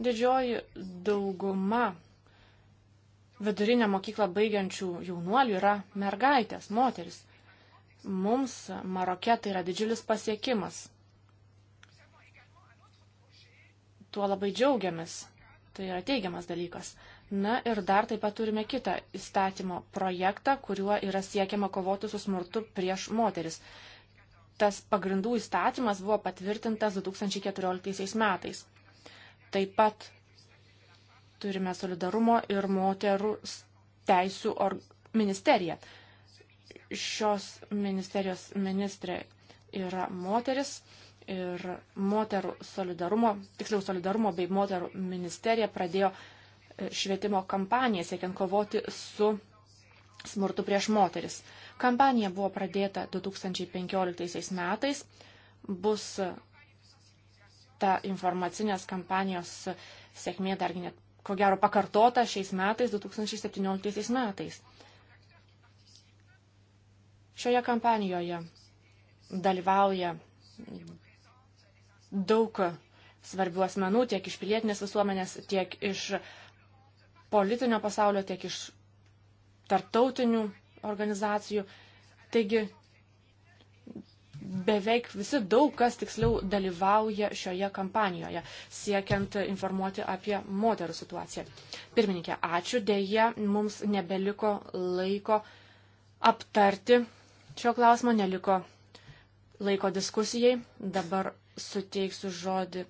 Didžioji dauguma vidurinę mokyklą baigiančių jaunuolių yra mergaitės, moteris. Mums Marokė tai yra didžiulis pasiekimas. Tuo labai džiaugiamės. Tai yra teigiamas dalykas. Na ir dar taip pat turime kitą įstatymo projektą, kuriuo yra siekiama kovoti su smurtu prieš moteris. Tas pagrindų įstatymas buvo patvirtintas 2014 metais. Taip pat turime solidarumo ir moterų teisų ministeriją. Šios ministerijos ministrė yra moteris ir moterų solidarumo, tiksliau solidarumo bei moterų ministerija pradėjo e, švietimo kampaniją siekiant kovoti su smurtu prieš moteris. Kampanija buvo pradėta 2015 metais, bus ta informacinės kampanijos sėkmė dargi net, ko gero, pakartota šiais metais, 2017 metais. Šioje kampanijoje dalyvauja daug svarbių asmenų, tiek iš pilietinės visuomenės, tiek iš politinio pasaulio, tiek iš tarptautinių organizacijų. Taigi beveik visi daug kas tiksliau dalyvauja šioje kampanijoje, siekiant informuoti apie moterų situaciją. Pirmininkė, ačiū, dėje mums nebeliko laiko aptarti šio klausimo, neliko laiko diskusijai. Dabar suteiksiu žodį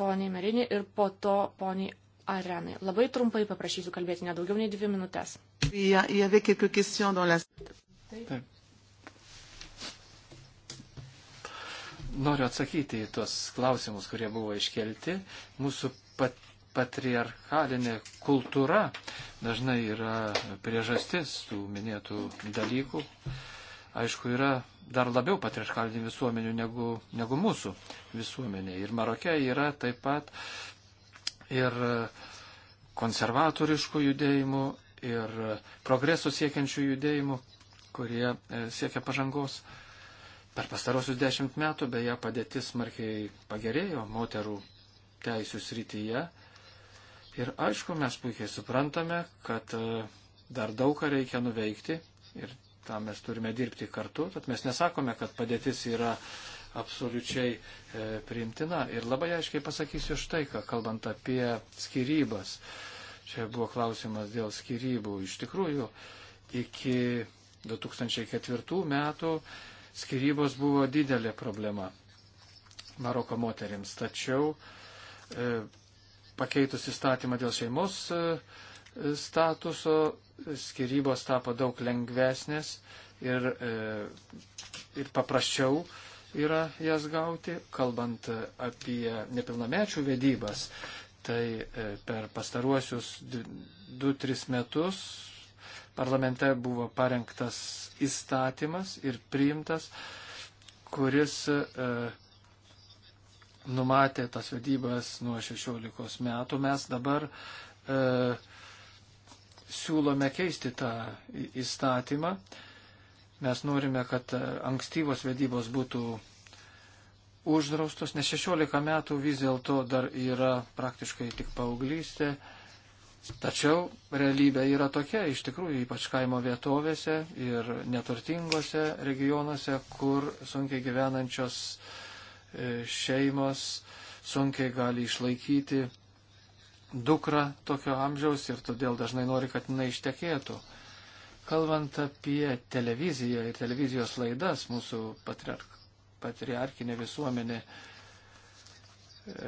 poniai Merinį ir po to poniai arenai. Labai trumpai paprašysiu kalbėti, nedaugiau nei dvi minutės. Taip. noriu atsakyti į tuos klausimus, kurie buvo iškelti. Mūsų pat, patriarchalinė kultūra dažnai yra priežastis tų minėtų dalykų. Aišku, yra dar labiau patriarchalinių visuomenių negu, negu mūsų visuomenė. Ir Marokė yra taip pat ir konservatoriškų judėjimų, ir progreso siekiančių judėjimų, kurie e, siekia pažangos. Uh, Per pastarosius dešimt metų beje padėtis smarkiai pagerėjo moterų teisų srityje. Ir aišku, mes puikiai suprantame, kad e, dar daug ką reikia nuveikti ir tą mes turime dirbti kartu. Tad mes nesakome, kad padėtis yra absoliučiai e, priimtina. Ir labai aiškiai pasakysiu štai, ką kalbant apie skirybas. Čia buvo klausimas dėl skirybų. Iš tikrųjų, iki 2004 metų skirybos buvo didelė problema Maroko moteriams. Tačiau e, pakeitus įstatymą dėl šeimos e, statuso, skirybos tapo daug lengvesnės ir, e, ir paprasčiau yra jas gauti, kalbant apie nepilnamečių vedybas. Tai e, per pastaruosius 2-3 metus parlamente buvo parengtas įstatymas ir priimtas, kuris e, numatė tas vedybas nuo 16 metų. Mes dabar e, siūlome keisti tą įstatymą. Mes norime, kad e, ankstyvos vedybos būtų uždraustos, nes 16 metų vis dėlto dar yra praktiškai tik paauglystė. E, Tačiau realybė yra tokia, iš tikrųjų, ypač kaimo vietovėse ir neturtingose regionuose, kur sunkiai gyvenančios e, šeimos sunkiai gali išlaikyti dukrą tokio amžiaus ir todėl dažnai nori, kad jinai ištekėtų. Kalbant apie televiziją ir televizijos laidas, mūsų patriark, patriarkinė visuomenė e,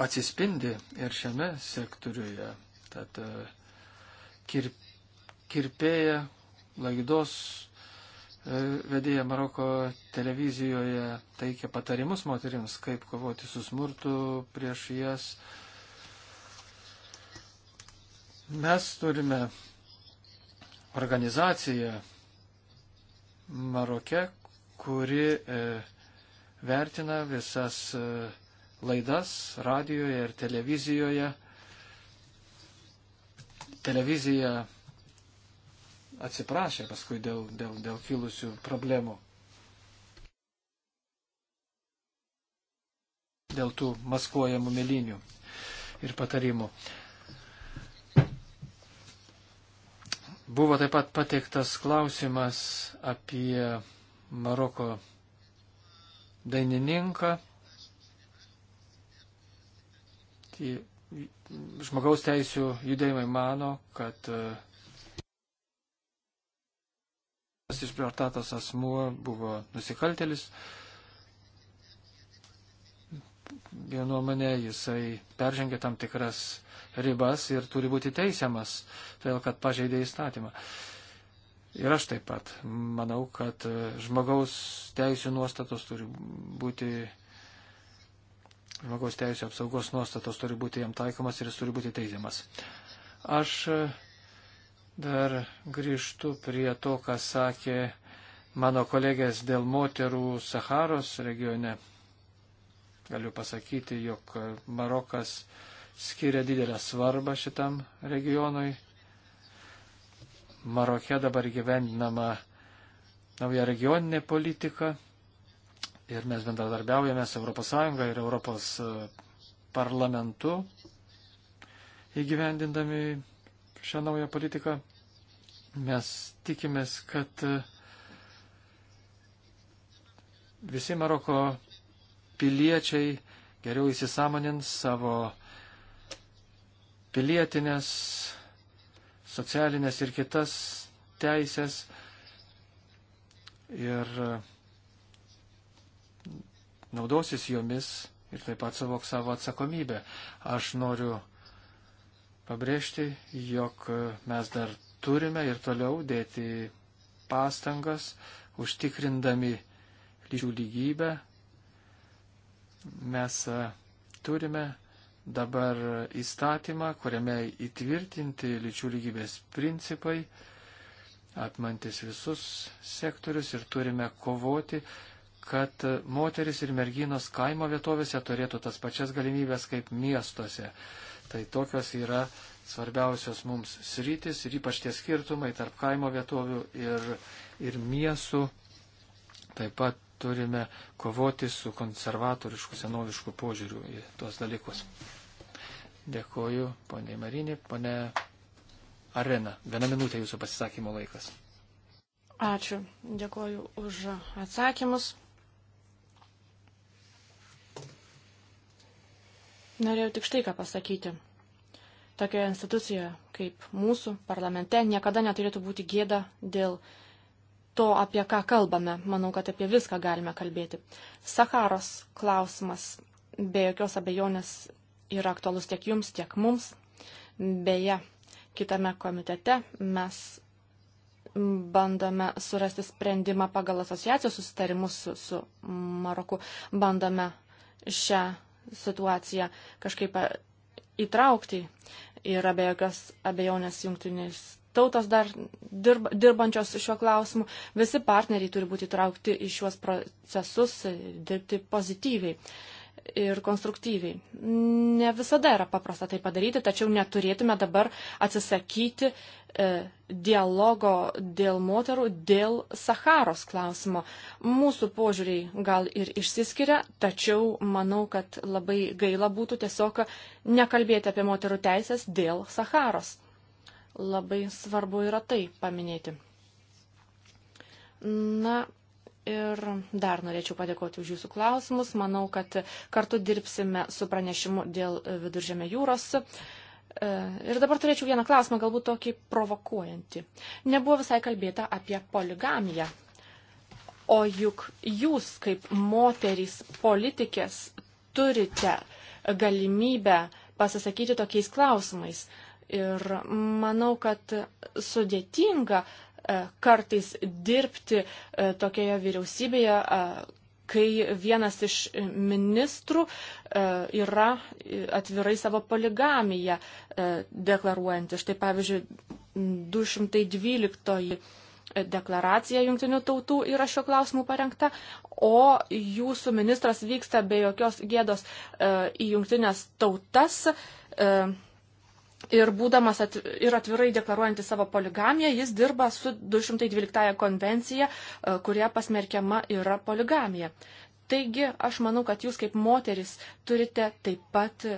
atsispindi ir šiame sektoriuje. Tad e, kir, kirpėja, laidos e, vedėja Maroko televizijoje teikia patarimus moteriams, kaip kovoti su smurtu prieš jas. Mes turime organizaciją Maroke, kuri e, vertina visas e, laidas radijoje ir televizijoje. Televizija atsiprašė paskui dėl, dėl, dėl kilusių problemų. Dėl tų maskuojamų melinių ir patarimų. Buvo taip pat pateiktas klausimas apie Maroko dainininką žmogaus teisų judėjimai mano, kad e, tas išprievartatas asmuo buvo nusikaltelis. Jo nuomonė, jisai peržengė tam tikras ribas ir turi būti teisiamas, todėl kad pažeidė įstatymą. Ir aš taip pat manau, kad e, žmogaus teisų nuostatos turi būti žmogaus teisų apsaugos nuostatos turi būti jam taikomas ir jis turi būti teisiamas. Aš e, dar grįžtu prie to, ką sakė mano kolegės dėl moterų Saharos regione. Galiu pasakyti, jog Marokas skiria didelę svarbą šitam regionui. Maroke dabar gyvendinama nauja regioninė politika ir mes bendradarbiaujame su ES ir Europos e, parlamentu įgyvendindami šią naują politiką. Mes tikimės, kad e, visi Maroko piliečiai geriau įsisamonins savo pilietinės, socialinės ir kitas teisės ir naudosis jomis ir taip pat savok savo atsakomybę. Aš noriu pabrėžti, jog mes dar turime ir toliau dėti pastangas, užtikrindami lyčių lygybę. Mes e, turime dabar įstatymą, kuriame įtvirtinti lyčių lygybės principai, apmantis visus sektorius ir turime kovoti kad moteris ir merginos kaimo vietovėse turėtų tas pačias galimybės kaip miestuose. Tai tokios yra svarbiausios mums sritis ir ypač tie skirtumai tarp kaimo vietovių ir, ir miestų. Taip pat turime kovoti su konservatorišku, senovišku požiūriu į tuos dalykus. Dėkoju, poniai Marinė, ponė Arena. Viena minutė jūsų pasisakymo laikas. Ačiū. Dėkoju už atsakymus. Norėjau tik štai ką pasakyti. Tokioje institucijoje kaip mūsų parlamente niekada neturėtų būti gėda dėl to, apie ką kalbame. Manau, kad apie viską galime kalbėti. Saharos klausimas be jokios abejonės yra aktualus tiek jums, tiek mums. Beje, kitame komitete mes bandome surasti sprendimą pagal asociacijos susitarimus su, su Maroku. Bandome šią situaciją kažkaip įtraukti. Ir abe jokios abejonės jungtinės tautos dar dirba, dirbančios šiuo klausimu. Visi partneriai turi būti įtraukti į šiuos procesus, e, dirbti pozityviai ir konstruktyviai. Ne visada yra paprasta tai padaryti, tačiau neturėtume dabar atsisakyti E, dialogo dėl moterų, dėl Saharos klausimo. Mūsų požiūriai gal ir išsiskiria, tačiau manau, kad labai gaila būtų tiesiog nekalbėti apie moterų teisės dėl Saharos. Labai svarbu yra tai paminėti. Na. Ir dar norėčiau padėkoti už jūsų klausimus. Manau, kad kartu dirbsime su pranešimu dėl viduržėme jūros. Uh, E, ir dabar turėčiau vieną klausimą, galbūt tokį provokuojantį. Nebuvo visai kalbėta apie poligamiją. O juk jūs, kaip moterys politikės, turite galimybę pasisakyti tokiais klausimais. Ir manau, kad sudėtinga e, kartais dirbti e, tokioje vyriausybėje, kai vienas iš ministrų e, yra atvirai savo poligamiją e, deklaruojantis. Štai pavyzdžiui, 212 deklaracija jungtinių tautų yra šio klausimu parengta, o jūsų ministras vyksta be jokios gėdos e, į jungtinės tautas ir būdamas at, ir atvirai deklaruojantis savo poligamiją, jis dirba su 212 konvencija, kurie pasmerkiama yra poligamija. Taigi, aš manau, kad jūs kaip moteris turite taip pat e,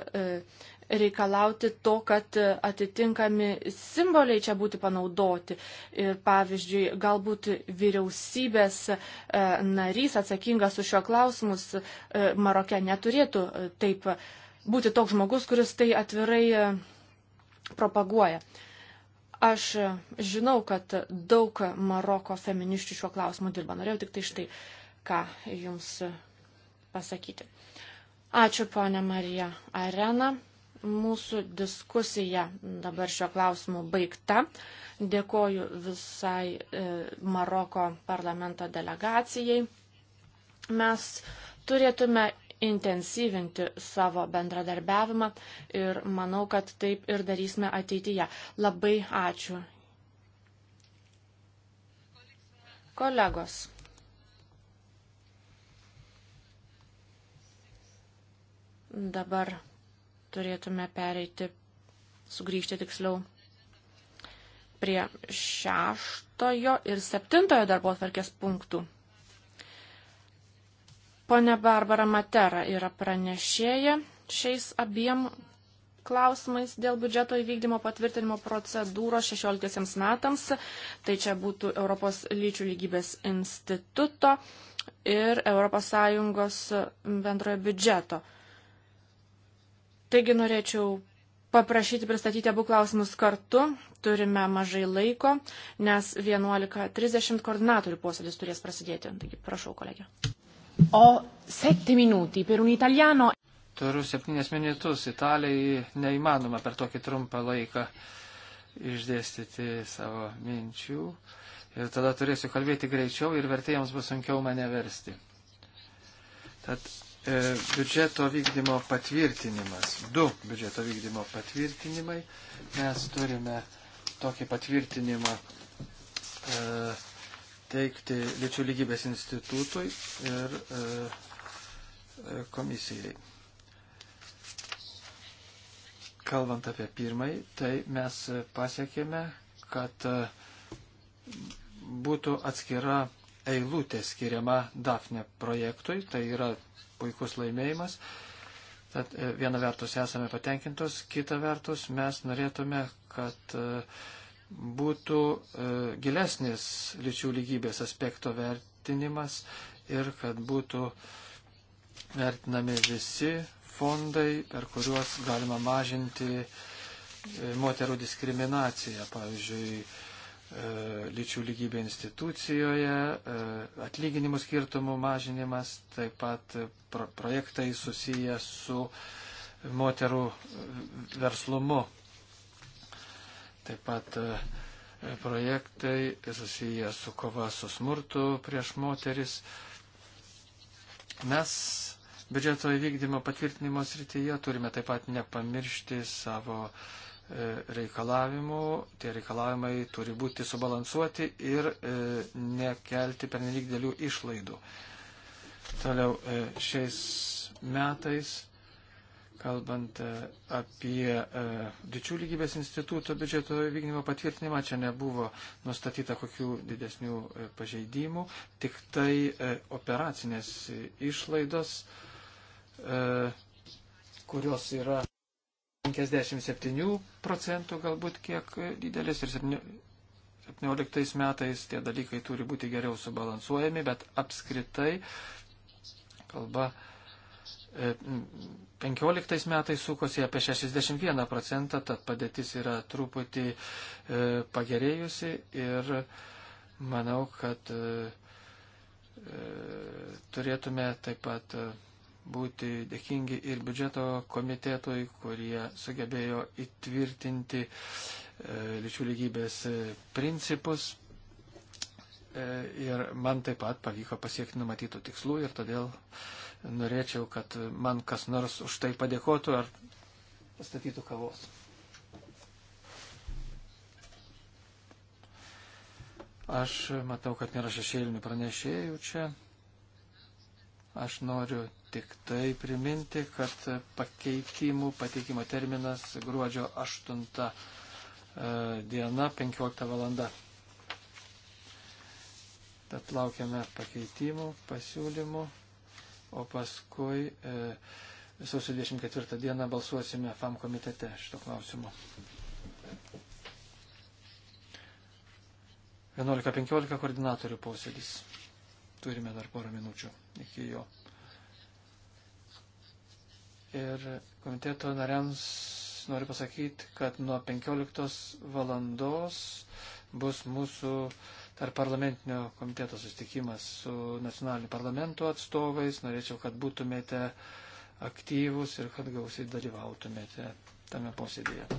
reikalauti to, kad atitinkami simboliai čia būtų panaudoti. Ir pavyzdžiui, galbūt vyriausybės e, narys atsakingas už šio klausimus e, Marokė neturėtų taip būti toks žmogus, kuris tai atvirai propaguoja. Aš žinau, kad daug Maroko feminiščių šiuo klausimu dirba. Norėjau tik tai štai, ką jums pasakyti. Ačiū, ponė Marija Arena. Mūsų diskusija dabar šiuo klausimu baigta. Dėkoju visai e, Maroko parlamento delegacijai. Mes turėtume intensyvinti savo bendradarbiavimą ir manau, kad taip ir darysime ateityje. Labai ačiū. Kolegos. Dabar turėtume pereiti, sugrįžti tiksliau prie šeštojo ir septintojo darbo atvarkės punktų. Pone Barbara Matera yra pranešėja šiais abiem klausimais dėl biudžeto įvykdymo patvirtinimo procedūros 16 metams. Tai čia būtų Europos lyčių lygybės instituto ir ES bendrojo biudžeto. Taigi norėčiau paprašyti pristatyti abu klausimus kartu. Turime mažai laiko, nes 11.30 koordinatorių posėdis turės prasidėti. Taigi prašau, kolegė. Ho sette minuti per un italiano. Turiu septynis minutus. Italijai neįmanoma per tokį trumpą laiką išdėstyti savo minčių. Ir tada turėsiu kalbėti greičiau ir vertėjams bus sunkiau mane versti. Tad e, biudžeto vykdymo patvirtinimas. Du biudžeto vykdymo patvirtinimai. Mes turime tokį patvirtinimą. E, teikti lyčių lygybės institutui ir e, e, komisijai. Kalbant apie pirmąjį, tai mes pasiekėme, kad e, būtų atskira eilutė skiriama DAFNE projektui, tai yra puikus laimėjimas. Tad e, viena vertus esame patenkintos, kita vertus mes norėtume, kad uh, būtų e, gilesnis lyčių lygybės aspekto vertinimas ir kad būtų vertinami visi fondai, per kuriuos galima mažinti e, moterų diskriminaciją, pavyzdžiui, e, lyčių lygybė institucijoje, e, atlyginimų skirtumų mažinimas, taip pat projektai susiję su moterų e, verslumu Taip pat e, projektai susiję su kova su smurtu prieš moteris. Mes biudžeto įvykdymo patvirtinimo srityje turime taip pat nepamiršti savo e, reikalavimų. Tie reikalavimai turi būti subalansuoti ir e, nekelti pernelyg dėlių išlaidų. Toliau šiais metais Kalbant e, apie e, lyčių lygybės instituto biudžeto vykdymo patvirtinimą, čia nebuvo nustatyta kokių didesnių e, pažeidimų, tik tai operacinės išlaidos, kurios yra 57 procentų galbūt kiek didelis ir 17 metais tie dalykai turi būti geriau subalansuojami, bet apskritai kalba 15 metais sukosi apie 61 procentą, tad padėtis yra truputį e, pagerėjusi ir manau, kad e, e, turėtume taip pat būti dėkingi ir biudžeto komitetui, kurie sugebėjo įtvirtinti lyčių lygybės principus. Ir man taip pat pavyko pasiekti numatytų tikslų ir todėl norėčiau, kad man kas nors už tai padėkotų ar pastatytų kavos. Aš matau, kad nėra šešėlinių pranešėjų čia. Aš noriu tik tai priminti, kad pakeitimų pateikimo terminas gruodžio 8 e, diena 15 valanda. Tad laukiame pakeitimų, pasiūlymų o paskui e, sausio 24 dieną balsuosime FAM komitete šito klausimu. 11.15 koordinatorių posėdis. Turime dar porą minučių iki jo. Ir komiteto nariams noriu pasakyti, kad nuo 15 valandos bus mūsų tarp parlamentinio komiteto sustikimas su nacionaliniu parlamento atstovais. Norėčiau, kad būtumėte aktyvus ir kad gausiai dalyvautumėte tame posėdėje.